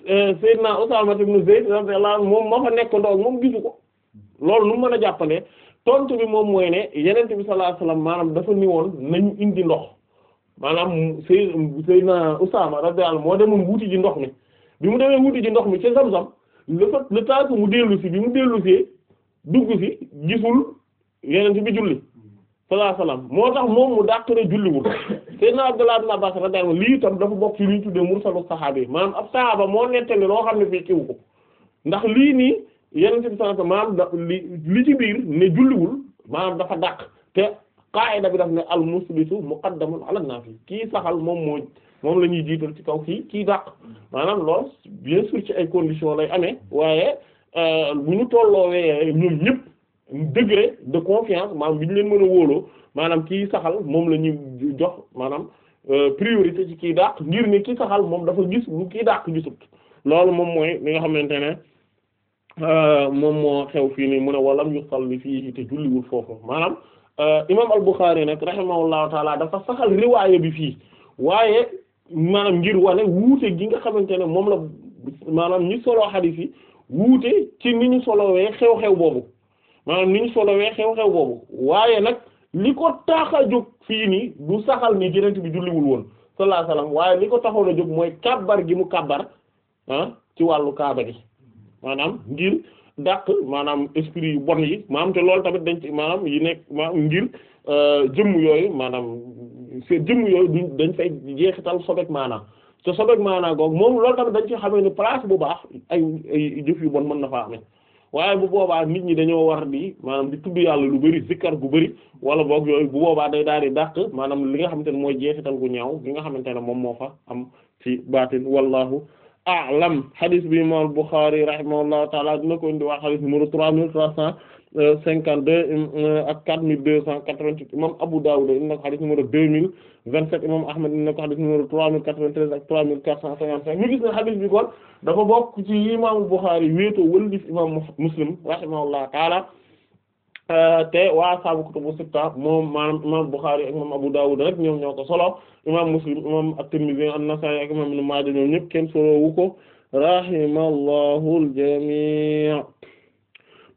euh, na Usaama ibn Zayd radiyallahu anhu moom moo fa nekk ndox moom gisu ko loolu nu mën a jàppale tontu bi moom mooy ne Yonent bi sallallahu alayhi maanaam dafa ni woon nañu indi ndox. maanaam Sey Seyna Usaama radiyallahu moo demoon wuuti ji ndox mi bi mu demee wuuti ji ndox mi ci Zamzam le fait le temps que mu dellu si bi mu dellu see dugg si gisul yeneen si bi julli sallallahu alayhi moo tax moom mu dàqare julliwul Seyna Abdullah ibn Abbas radiyallahu lii tam dafa bokk ci li ñu tuddee mursalu saxaaba yi maanaam ab saxaaba moo nettali loo xam ne fii kiw ko ndax lii nii yeneen si bi sallallahu li li ci biir ne julliwul maanaam dafa dàq te. qaa'ida bi daf ne al musbitu muqaddamun ala nafi kii saxal moom moo moom la ñuy jiital ci kaw kii kii dàq maanaam lool bien sûr ci ay conditions lay amee waaye euh, bu ñu tolloowee ñoom ñëpp degré de confiance maanaam bi ñu leen mën a wóoloo maanaam kii saxal moom la ñuy jox maanaam euh, priorité ci kii dàq ngir ne kii saxal moom dafa gis lu kii dàq gisut loolu moom mooy li nga xamante ne euh, moom moo xew fii nii mu ne walam yusalli fii te julliwul foofu Euh, imaam al-Bukhari nag rahimahullahu taala dafa saxal riwaaya bi fii waaye maanaam ngir wane wuute gi nga xamante ne moom la maanaam ñi solo xadiis yi wuute ci ni ñu solowee xew-xew boobu maanaam ni ñu solowee xew-xew boobu waaye nag li ko tax a jóg fii nii du saxal ni Yonent bi julliwul woon sallallahu alayhi wasallam waaye li ko taxoon a jóg mooy kàbbar gi mu kàbbar ah, ci wàllu kaaba gi maanaam ngir dàq maanaam esprit yu bon yi maanaam te loolu tamit dañ ci maanaam yi nekk maanaam ngir euh, jëmm yooyu maanaam seen jëmm yooyu dañ fay jeexital sobeek maanaam te sobeek maanaam googu moom loolu tamit dañ ci xamee ne place bu baax ay ay jëf yu bon mën na faa amee waaye bu boobaa nit ñi dañoo war di maanaam di tudd yàlla lu bari zikkar gu bari wala boog yooyu bu boobaa day daal di dàq maanaam li nga xamante ne mooy jeexital gu ñaaw li nga xamante ne moom moo fa am ci baatin wallahu a'lam hadis bi imam Bukhari rahimahullahu taala dina ko indi waa hadis numéro trois mille trois cent cinquante deux euh, quatre mille deux cent quatre huit imam Abu Dawud indi na ko hadis numéro deux mille vingt-sept imam Ahmad indi na ko hadis numéro trois mille quatre-vingt-treize ak trois mille quatre cent cinquante-cinq ñu gis ne hadis bi kon dafa bokk ci imam Bukhari wéetoo wëlif imam Muslim rahimahullahu taala Euh, te waa saabu kutubu sitta moom maanaam imam Abu Dawud rek ñoom ñoo ko solo imam Muslim imam At-Tirmidhi An-Nasa'i ak imam Ibn Maaja rahimallahu al-jami'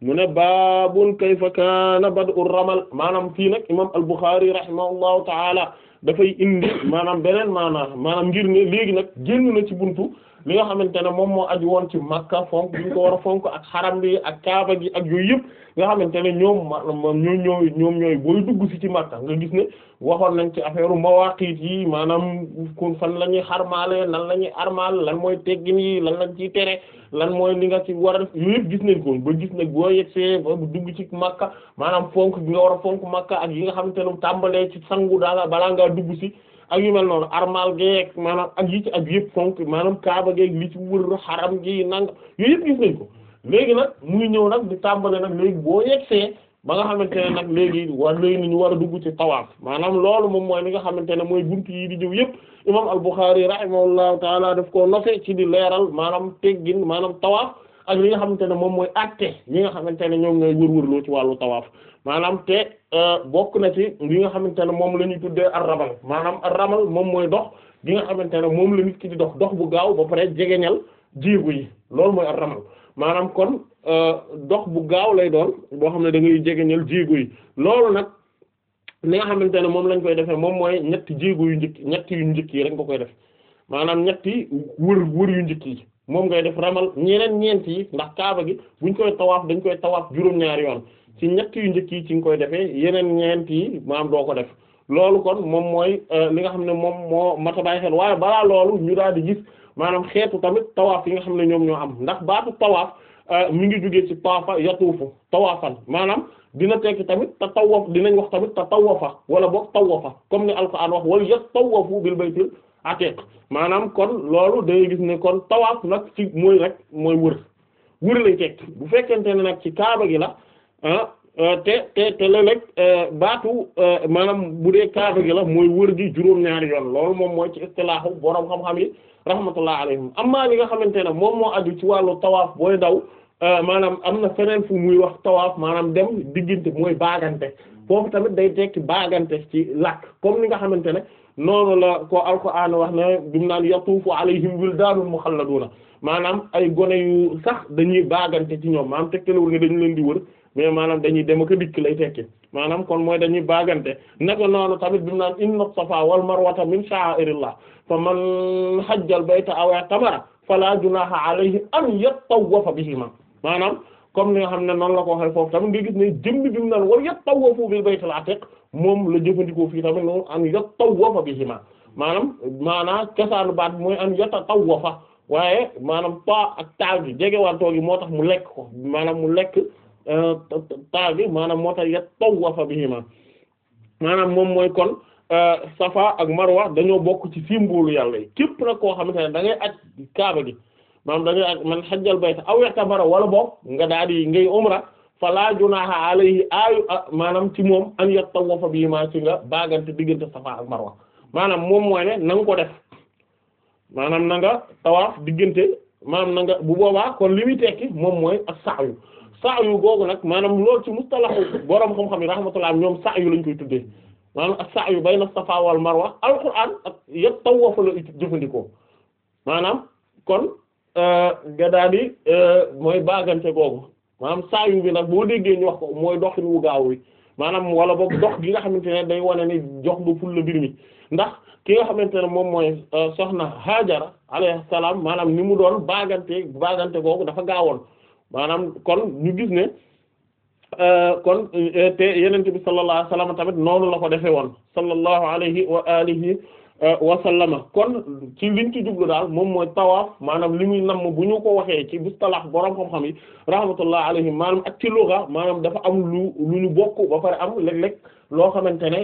mu ne baabun kayfa kaana ramal maanaam fii nag imam Al-Bukhari ta'ala dafay indi maanaam beneen maanaam maanaam ngir ne léegi nag na ci buntu li nga xamante ne moom moo aju woon ci Makka fonk bi a fonk ak xaram bi ak Kaaba gi ak yooyu yëpp nga xamante ne ñoom maanaam ñoom ñooy ñoom ñooy booy dugg ci ci Makka nga gis ne waxoon nañ ci affaire mawaaqiit yi maanaam kon fan la ñuy xarmaale nan la ñuy armal lan mooy teggin yi lan lañ ci tere lan mooy li nga ci waral yooyu yëpp gis nañ ko ba gis ne boo yegsee ba dugg ci Makka maanaam fonk bi nga war a fonk Makka ak yi nga xamante ne tàmbalee ci sangu daala balaa ngaa dugg ci ak yu mel noonu armal geeg maanaam ak yi ci ak yëpp fonk maanaam kaaba geeg li ci wër xaram gi nang yooyu yëpp gis nañ ko léegi nag muy ñëw nag di tàmbale nag léegi boo yegsee ba nga xamante ne nag léegi war léegi ni ñu war a dugg ci tawaaf maanaam loolu moom mooy li nga xamante ne mooy buntu yi di jëw yëpp imam al-Bukhari rahimahullahu taala daf koo nofe ci di leeral maanaam teggin maanaam tawaaf ak li nga xamante ne moom mooy acte ñi nga xamante ne ñoom ñooy wër-wërloo ci wàllu tawaaf Euh, bokk na ci li nga xamante ne moom lañuy tuddee ar ramal maanaam a ramal moom mooy dox gi nga xamante ne moom la nit ki di dox dox bu gaaw ba pare jegeñal jéego yi loolu mooy ar ramal maanaam kon euh, dox bu gaaw lay doon boo xam ne da ngay jegeñal yi loolu nag li nga xamante ne moom lañ koy defee moom mooy ñetti jéego yu njëkk ñetti yu njëkk yi rek nga koy def maanaam ñetti wër wër yu njëkk yi moom ngay def ramal ñeneen ñeent yi ndax kaaba gi buñ koy tawaaf dañ koy tawaaf juróom-ñaari yoon ci ñett yu njëkk yi ci nga koy defee yeneen ñeent yi maam doo ko def loolu kon moom mooy euh, li nga xam ne moom moo mat bàyyi xel waaye balaa loolu ñu daal di gis maanaam xeetu tamit tawaaf yi nga xam ne ñoom ñoo am ndax baatu tawaaf euh, mi ngi jugee ci taafa yatuufu tawaafan maanaam dina tekki tamit ta tawaf dinañ wax tamit ta tawafa wala boog tawafa comme ni alxuraan wax wala yas tawafu bil baytil atiq maanaam kon loolu day gis ne kon tawaaf nag ci mooy rek mooy wër wër lay tekki bu fekkente ne nag ci kaaba gi la. Ah, ah, te te te léeg-léeg eh, baatu eh, maanaam bu dee kaatu gi la mooy wër gi juróom-ñaari yoon loolu moom mooy ci istilaahu borom xam-xam yi rahmatullah am amma li nga xamante ne moom moo aju ci wàllu tawaaf booy daw eh, maanaam am na feneen fu muy wax tawaaf maanaam dem diggante mooy baagante foofu tamit day tekki baagante ci làkk comme li nga xamante ne noonu la ko alquran wax ne dum naan yatuufu alayhim wildaanun mukhalladuuna maanaam ay gone yu sax dañuy baagante ci ñoom maanaam tekkelawul ne dañu mais maanaam dañuy dem ak dikk lay tekki maanaam kon mooy dañuy baagante naka noonu tamit bi mu naan inna safa wal marwata min sha'airillah fa man hajjal bayta aw i'tamara fala junaha alayhi an yattawafa bihima maanaam comme ni nga xam ne noonu la ko waxee foofu tamit nga gis ne jëmmi bi mu naan wal yattawafu bil baytil atiq moom la jëfandikoo fii tamit noonu an yattawafa bihima maanaam maanaam cosaanu baat bi mooy an yattawafa waaye maanaam ta ak taal gi jege wantoo gi moo tax mu lekk ko maanaam mu lekk Euh, taa bi maanaam moo tax yatawafa bihima maanaam moom mooy kon euh, safa ak marwa dañoo bokk ci symbole yàlla yi képp nag koo xamante ne dangay ngay aj kaaba gi maanaam da ngay aj man xajjal bayta aw i'tamara wala boog nga daal yi ngay umra fala junaha alayhi aayu ah, maanaam ci moom an yatawafa bihima ci nga baagante diggante safa ak marwa maanaam moom mooy ne na nga ko def maanaam nanga nga tawaaf diggante maanaam na nga bu boobaa kon li moom mooy ak sa'yu sa'yu googu nag maanaam loolu ci mustalahu borom xam-xam yi rahmatullah ñoom sa'yu lañ koy tuddee maanaam ak bay bayna safa wal marwa alquran ak yëpp tawafa la jëfandikoo maanaam kon nga euh, daal di euh, mooy baagante googu maanaam sa'yu bi nag boo déggee ñu wax ko mooy doxin wu gaaw wi maanaam wala boog dox gi nga xamante ne day wane ni jox ba ful la mbir mi ndax ki nga xamante ne moom mooy euh, soxna Haajara alayhi salaam maanaam ni mu doon baagante baagante googu dafa gaawoon. maanaam kon ñu gis ne euh, kon euh, te yenente bi sallallahu alayhi wa sallam tamit noonu la ko defee woon sallallahu alayhi wa alihi euh, wa sallama kon ci liñ ci jublu daal moom mooy tawaaf maanaam li muy namm bu ñu ko waxee ci mustalaax boroom xam-xam yi rahmatullah alayhim maanaam ak ci luga maanaam dafa am lu lu ñu bokk ba pare am léeg-léeg loo xamante ne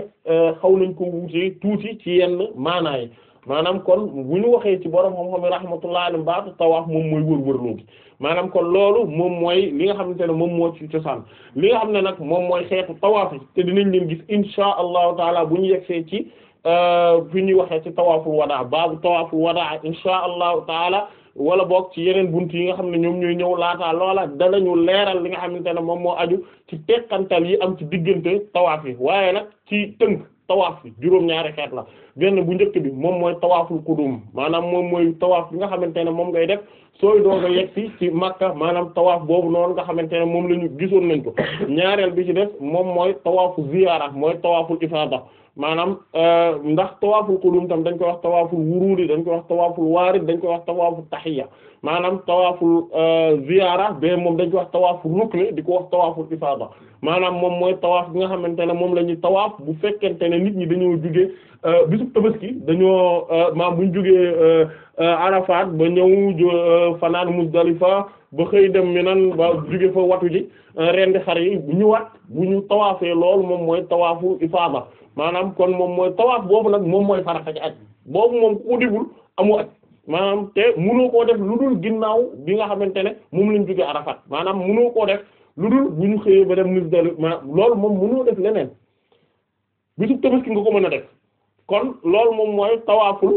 xaw nañ ko wuute tuuti ci yenn maanaay maanaam kon bu ñu waxee ci boroom xam-xam yi rahmatullah alayhim baatu tawaaf moom mooy wër-wër loo gi maanaam kon loolu moom mooy li nga xamante ne moom moo ci cosaan li nga xam ne nag moom mooy xeetu tawaaf yi te dinañ leen gis insha allahu taala bu ñu yegsee ci euh, fi ñuy waxee ci tawaaful wadaa baabu tawaaful wadaa insha allahu taala wala boog ci yeneen bunt yi nga xam ne ñoom ñooy ñëw laataa loola ñu leeral li nga xamante ne moom moo aju ci tekkantal yi am ci diggante tawaaf yi waaye nag ci tënk tawaaf yi juróom-ñaari xeet la benn bu njëkk bi moom mooy tawaaful qudum maanaam moom mooy tawaaf bi nga xamante ne moom ngay def sooy doog a yegsi ci Makka maanaam tawaaf boobu noonu nga xamante ne moom la ñu gisoon nañ ko ñaareel bi ci def moom mooy tawaafu ziyaara mooy tawaaful ifaada maanaam euh, ndax tawaaful qudum tam dañ koy wax tawaaful wuruudi dañ koy wax tawaaful waarid dañ koy wax tawaaful taxiya maanaam tawaaful euh, ziyaara be moom dañ koy wax tawaaful rukni di ko wax tawaaful ifaada maanaam moom mooy tawaaf bi nga xamante ne moom la ñuy tawaaf bu fekkente ne nit ñi dañoo jugee euh, bisub tabaski dañoo maam buñ jugee Arafat ba ñëw fanaan Muzdalifa ba xëy dem mi nan ba jóge fa watu ji euh, rendi xar yi ñu wat bu ñu tawaafee loolu moom mooy tawaafu ifaada maanaam kon moom mooy tawaaf boobu nag moom mooy farata ci aj boobu moom ku dibul amu ak maanaam te mënoo koo def lu dul ginnaaw bi nga xamante ne moom lañ jóge Arafat maanaam munoo koo def lu dul bu ñu xëyee ba dem Muzdalifa maanaam loolu moom mënoo def leneen bisu ki nga ko mën a def kon loolu moom mooy tawaaful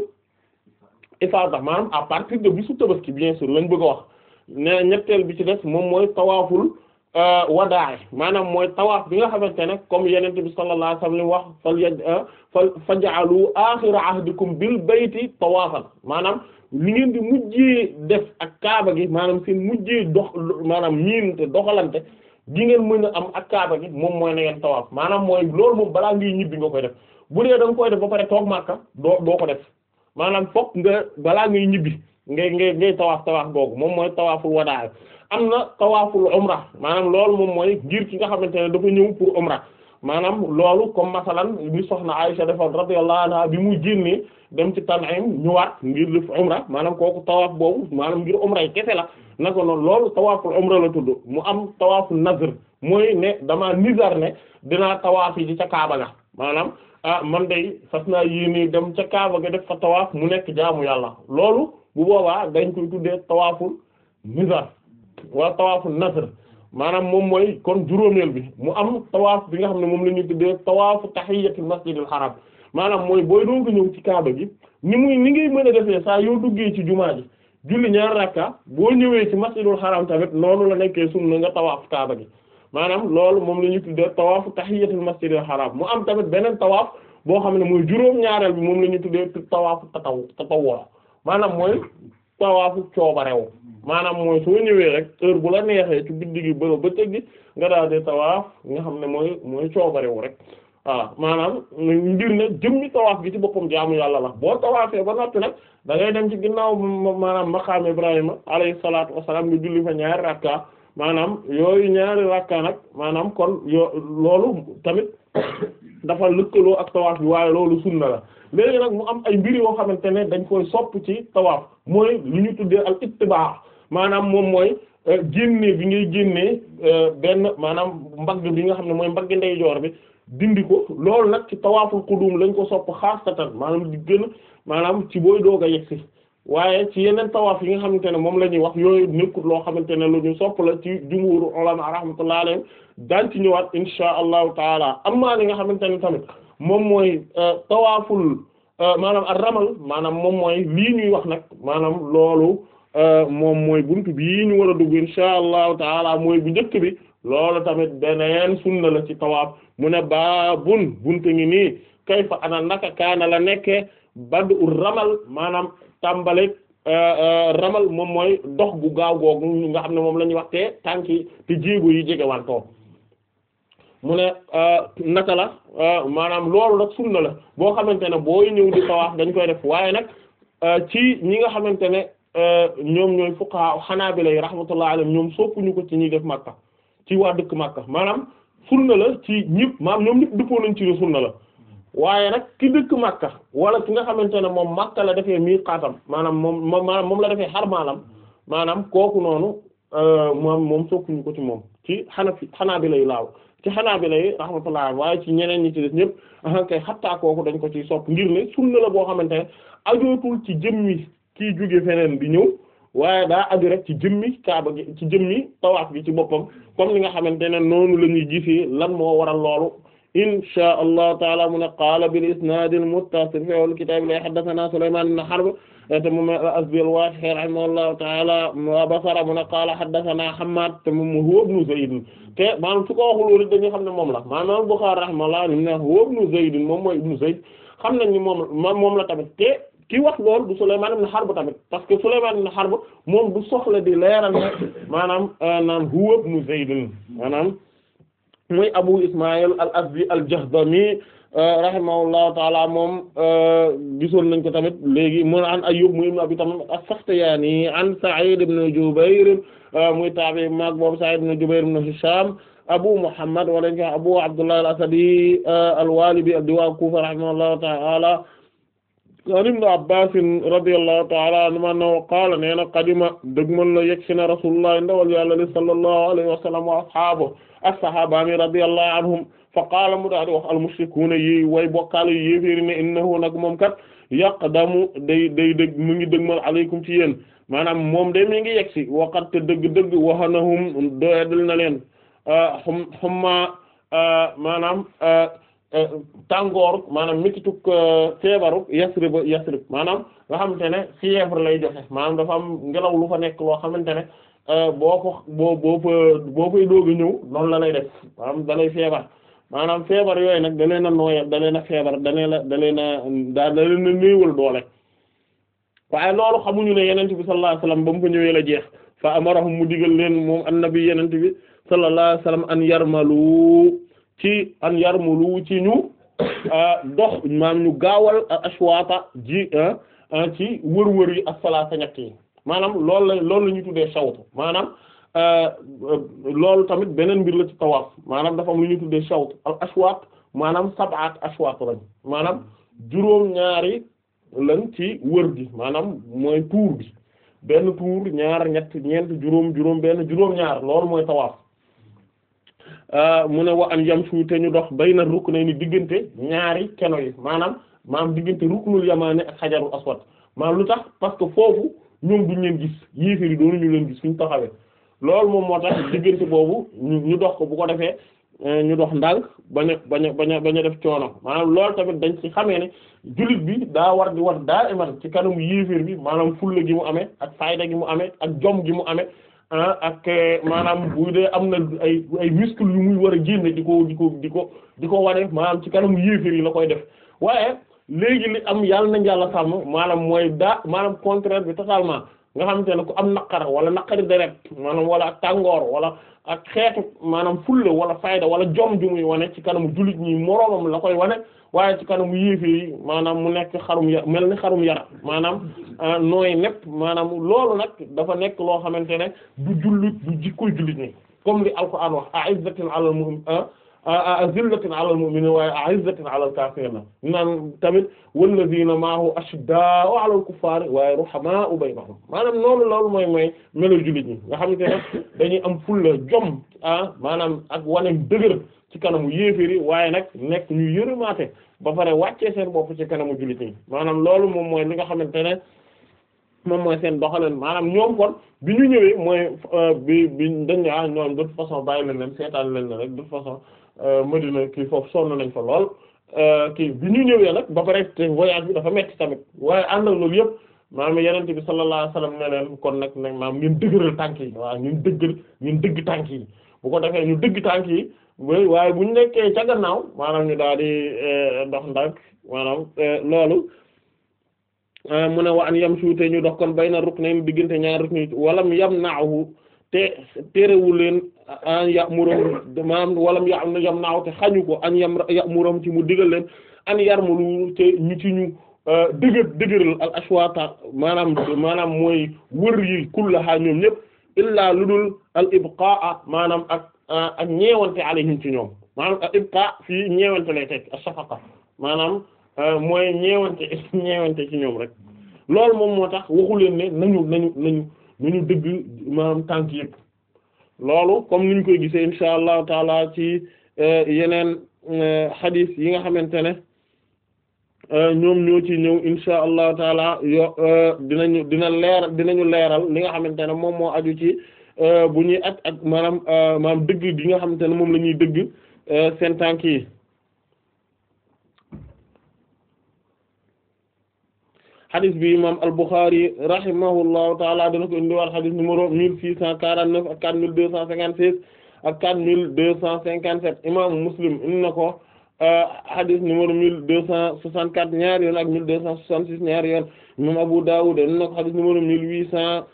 ifaada maanaam à partir de bisu Tabaski bien sûr lañ bëgg wax ne ñetteel bi ci des moom mooy tawaaful euh, wadaa maanaam mooy tawaaf bi nga xamante ne comme yeneen bi sallallahu alayhi wa sallam wax fal yaj euh, fal faj'alu aaxira ahdikum bil bayti tawaafan maanaam li ngeen di mujjee def ak kaaba gi maanaam seen mujjee dox maanaam miinte doxalante gi ngeen mën am ak kaaba gi moom mooy na ngeen tawaaf maanaam mooy loolu moom balaa ngay ñibbi nga koy def bu dee da nga koy def ba pare toog Makka doo doo ko def maanaam fokk nga balaa ñibbi. ngay ngay ngay tawaaf tawaaf googu moom mooy tawaaful wadaa am na tawaaful umra maanaam loolu moom mooy ngir ki nga xamante ne dafa ñëw pour umra maanaam loolu comme masalan ni soxna Aisha defoon radiyallahu anha bi muy génnee dem ci Tan'im ñëwaat ngir def umra maanaam kooku tawaaf boobu maanaam ngir umra yi kese la naka noonu loolu tawaaful umra la tudd mu am tawaaful nazr mooy ne dama nizar ne dinaa tawaaf yi ci ca Kaaba ga maanaam ah man dey fas naa yéene dem ca Kaaba ga def fa tawaaf mu nekk jaamu yàlla loolu bu boobaa dañ koy tuddee tawaaful nizar wala tawaaful nasr maanaam moom mooy kon juróomeel bi mu am tawaaf bi nga xam ne moom la ñuy tuddee tawaafu tahiyatul masjidil haram maanaam mooy booy doon ko ñëw ci Kaaba gi ni muy ni ngay mën a defee saa yoo duggee ci jumaa ji julli ñaar rakka boo ñëwee ci masjidul haram tamit noonu la nekkee sunna nga tawaaf Kaaba gi. maanaam loolu moom la ñu tuddee tawaafu tahiyatul masjidil haram mu am tamit beneen tawaaf boo xam ne mooy juróom-ñaareel bi moom la ñu tuddee tawaafu tataw tatawwa maanaam mooy tawaafu coobarew maanaam mooy soo ñëwee rek heure bu la neexee ci guddi gi bërëb ba tëggi nga daal di tawaaf nga xam ne mooy mooy coobarew rek voilà maanaam ngir ne jëmmi tawaaf bi ci boppam jaamu yàlla la boo tawaafee ba noppi nag da ngay dem ci ginnaaw maanaam maqaam Ibrahima alayhi salaatu wassalaam nga julli fa ñaari rakka maanaam yooyu ñaari rakka nag maanaam kon yo loolu tamit dafa lëkkaloo ak tawaaf bi waaye loolu sunna la léegi nag mu am ay mbir yoo xamante ne dañ koy sopp ci tawaaf mooy lu ñu tuddee al ittibaa maanaam moom mooy euh, génne bi ngay génnee euh, benn maanaam mbagg bi nga xam ne mooy mbagg ndeyjoor bi dindi ko loolu nag ci tawaaful qudum lañ ko sopp xaasatan maanaam di gën maanaam ci booy doog a yegsi waaye ci yeneen tawaaf yi nga xamante ne moom la ñuy wax yooyu nekkul loo xamante ne lu ñu sopp la ci jumhuru ulama rahmatullahi alayhim daan ci ñëwaat insha allahu taala amma yi nga xamante ne tamit moom mooy euh, tawaaful euh, maanaam ak ramal maanaam moom mooy lii ñuy wax nag maanaam loolu euh, moom mooy buntu bii ñu war a dugg insha allahu taala mooy bu njëkk bi loolu tamit beneen sunna la ci tawaaf mu ne baa bun buntu ngi nii kayfa ana kaana la nekke badu ramal maanaam tàmbaleeg euh, euh, ramal moom mooy dox bu gaaw googu nga xam ne moom la ñuy wax te tànk yi te jéego yi jegewantoo mu ne euh, naka la maanaam loolu nag sunna la boo xamante ne booy ñëw di tawaaf dañ koy def waaye nag ci ñi nga xamante ne ñoom ñooy fuqaha xanaabila yi rahmatullah alayhim ñoom soppuñu ko ci ñuy def màkka ci waa dëkk màkka maanaam sunna la ci ñëpp maanaam ñoom ñëpp dëppoo nañ ci ne sunna la waaye nag ki dëkk Makka wala ki nga xamante ne moom Makka la defee miqaatam maanaam moom maanaam moom la defee xarmaalam maanaam kooku noonu euh, moom moom sokkuñu ko ci moom ci bi Hanaabila laaw ci Hanaabila rahmatullah waaye ci ñeneen ñi ci ñëpp ah, kay xattaa dañ ko ciy sopp ngir ne sunna la boo xamante ne ajootul ci jëmmi kii jóge feneen bi ñëw waaye daa aju rek ci jëmmi kaaba gi ci jëmmi tawaaf bi ci boppam comme li nga xamante ne noonu la ñuy gisee lan moo waral loolu insha allah taala mu ne qaala bil isnaadil muttasil fi awwal kitaab la haddathana Sulaymaan ibn Harb te moom al-Azdi al-Washihi rahimahullahu taala wa Basra mu ne qaala haddathana Hammaad te moom huwa ibnu Zayd te maanaam su ko waxul woon dañuy xam ne moom la maanaam Bukhari rahimahullah mu ne huwa ibnu Zayd moom mooy ibnu Zayd xam nañ ni moom moom la tamit te ki wax loolu du Sulaymaan ibn Harb tamit parce que Sulaymaan ibn Harb moom du soxla di leeral maanaam euh, naan huwa ibnu Zayd maanaam. muy Abu Ismaïl al-Azdi al-Jahdami euh, rahimahullahu taala moom euh, gisoon nañ ko tamit léegi mu an Ayyub mu ibn Abi Tamim as-Sakhtiyani an Sa'id ibn Jubayr euh, muy taabi maag boobu Sa'id ibn Jubayr ibn Hisham Abu Muhammad wala ñu Abu Abdullah al-Asadi al-Walibi di waa Kufa rahimahullahu taala an ibn Abbaas radiyallahu ta'ala anhumaa annahu qaala nee na qadima dëgmal na yegg si na Rasulullah ndawal yàlla li sallallahu alayhi wa sallam wa ashaabo as-sahaaba mi radiyallahu anhum fa qaala mu daal di wax al-mushrikuuna yi way bokkaale yi yéeféeri ne innahu nag moom kat yaqdamu day day dëgg mu ngi dëgmal aleykum ci yéen maanaam moom de mi ngi yegg si waqat dëgg-dëgg waxanahum doyadil na leen xum ah, xumma ah, maanaam. Ah, tàngoor maanaam métituk euh, feebaru Yasrib Yasrib maanaam nga xamante ne fièvre lay joxe maanaam dafa am ngelaw lu fa nekk loo xamante ne euh, boo ko boo boo fa boo fay doog a ñëw noonu la lay def maanaam da feebar maanaam feebar yooyu nag da leen a nooyal da leen a feebar da leen daal da leen a da leen a néewal doole waaye loolu xamuñu ne yenent bi sallallahu alayhi wasallam ba fa ñëwee la jeex fa amarahum mu digal leen moom annabi yenent bi sallallahu alayhi wasallam an yarmalu ci an yarmulu ci ñu dox maam ñu gaawal ashwata ji ci wër-wër yi ak salaasa ñett maanaam lool la loolu la ñuy tuddee shawtu maanaam loolu tamit beneen mbir la ci tawaaf maanaam dafa mu lu ñuy tuddee shawtu al maanaam sab'at ashwaat lañ maanaam juróom-ñaari lañ ci wër gi maanaam mooy tuur gi benn tuur ñaar ñett ñeent juróom juróom benn juróom-ñaar loolu mooy tawaaf Euh, mu ne wa an yamshu te ñu dox bayna ni diggante ñaari keno yi maanaam maanaam diggante ruknul yamaani ak xajarul aswad maanaam lu tax parce que foofu ñu duñ leen gis yéeféer yi doonu ñu leen gis fuñ taxawee loolu moom moo tax diggante boobu ñu dox ko bu ko defee euh, ñu dox ndànk bañ a bañ bañ bañ a def coono maanaam loolu tamit dañ ci xamee ne jullit bi daa war di war daa iman ci kanamu yéeféer bi maanaam fulla gi mu amee ak fayda gi mu amee ak jom gi mu amee ah ak maanaam bu dee am na ay ay muscle yu muy war a génne di ko di ko di ko di ko wane maanaam ci kanam yéeféer yi la koy def waaye léegi li am yàlla nañ yàlla sàmm maanaam mooy daa maanaam contraire bi totalement nga xamante ne ku am naqar wala naqari deret maanaam wala tàngoor wala ak xeetu maanaam fulla wala fayda wala jom ju muy wane ci kanamu jullit ñi moroomam la koy wane waaye ci kanamu yéefee maanaam mu nekk xarum ya mel ni xarum yara maanaam ah, nooy nepp maanaam loolu nag dafa nekk loo xamante ne du jullit du jikkoy jullit ñi comme li alquran wax aizzatin alal mu'min ah, zillatin alal mu'minin waaye izzatin alal kaafiriin naan tamit wallaziina maahu ashiddaa'u alal kuffaar waaye ruhamaa'u baynahum maanaam noonu loolu mooy mooy melo jullit ñi nga xamante ne dañuy am fulla jom ah maanaam ak wane dëgër ci kanamu yéeféri waaye nag nekk ñu yërëmaate ba pare wàccee seen bopp ci kanamu jullit ñi maanaam loolu moom mooy li nga xamante ne moom mooy seen doxalin maanaam ñoom kon bi ñu ñëwee mooy euh, bi bi dañ ñaa ah, ñoom de toute façon bàyyi leen leen seetaan leen rek de toute façon Euh, Madina kii foofu sonn nañ fa lool euh, kii bi ñuy ñëwee nag ba pare te voyage bi dafa metti tamit waaye ànd ak loolu yëpp maanaam yenente bi sallallahu alayhi kon nag nag maam ngeen dëgëral tànk yi waaw ñun dëggal ñun dëgg tànk yi bu ko defee ñu dëgg tànk yi waaye bu ñu nekkee ca gannaaw maanaam ñu daal di euh, dox ndànk maanaam loolu mu a wa an yam suute ñu dox kon bay na ruknayn diggante ñaar rukni walam yam naahu te terewul leen an mu maanaam walam ya yam naaw te xañu ko an yam ya'murum ci mu digal leen an yar yarmulu te ñu ci ñu euh, dëgër dëgëral al ashwata maanaam maanaam mooy wër yi kullaha ñoom ñëpp illa lu dul al ibqaa maanaam ak euh, ak ñeewante alayhim ci ñoom maanaam al ibqaa fii ñeewante lay teg as-safaqa maanaam euh, mooy ñeewante ñeewante ci ñoom rek loolu moom moo tax waxu leen ne nañu nañu bu ñu dëgg maanaam tànk yëpp loolu comme niñ koy gisee insha allahu taala ci eh, yeneen eh, xadis yi nga xamante ne eh, ñoom ñoo ci ñëw insha allahu taala yo dinañu dina leer dinañu leeral li nga xamante ne moom moo aju ci bu ñuy at ak maanaam maanaam dëgg yi nga xamante ne moom la ñuy dëgg seen tànk yi xadis bi imam al-Bukhari rahimahullahu taala dana ko indiwaat xadis numéro mille six cent quarante neuf ak quatre mille deux cent cinquante six ak quatre mille deux cent cinquante sept imam Muslim euh, indi na ko xadis numéro mille deux cent soixante quatre ñaari ak mille deux cent soixante six ñaari imam Abu Dawud indi ko xadis numéro mille huit cent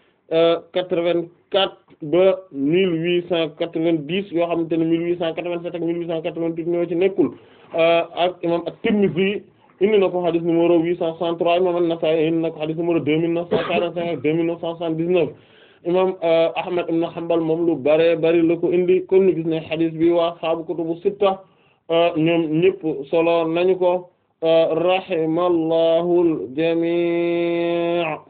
quatre vingt quatre ba mille huit cent quatre vingt dix yoo xamante ne mille huit cent quatre vingt sept ak mille huit indi na ko xadis numéro 863 imam An-Nasa'i indi na ko xadis numéro 2945 ak 2979 imam euh, Ahmad ibn Hanbal moom lu bare bari la ko indi comme ni gis ne xadis bi waa saabu kutubu sitta euh, ñoom ñëpp solo nañu ko euh, rahimallahu al-jami'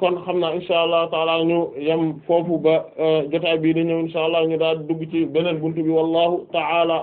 kon xam naa incha allah taala ñu yem foofu ba jotaay bii di ñëw incha allah ñu daal dugg ci beneen buntu bi wallahu taala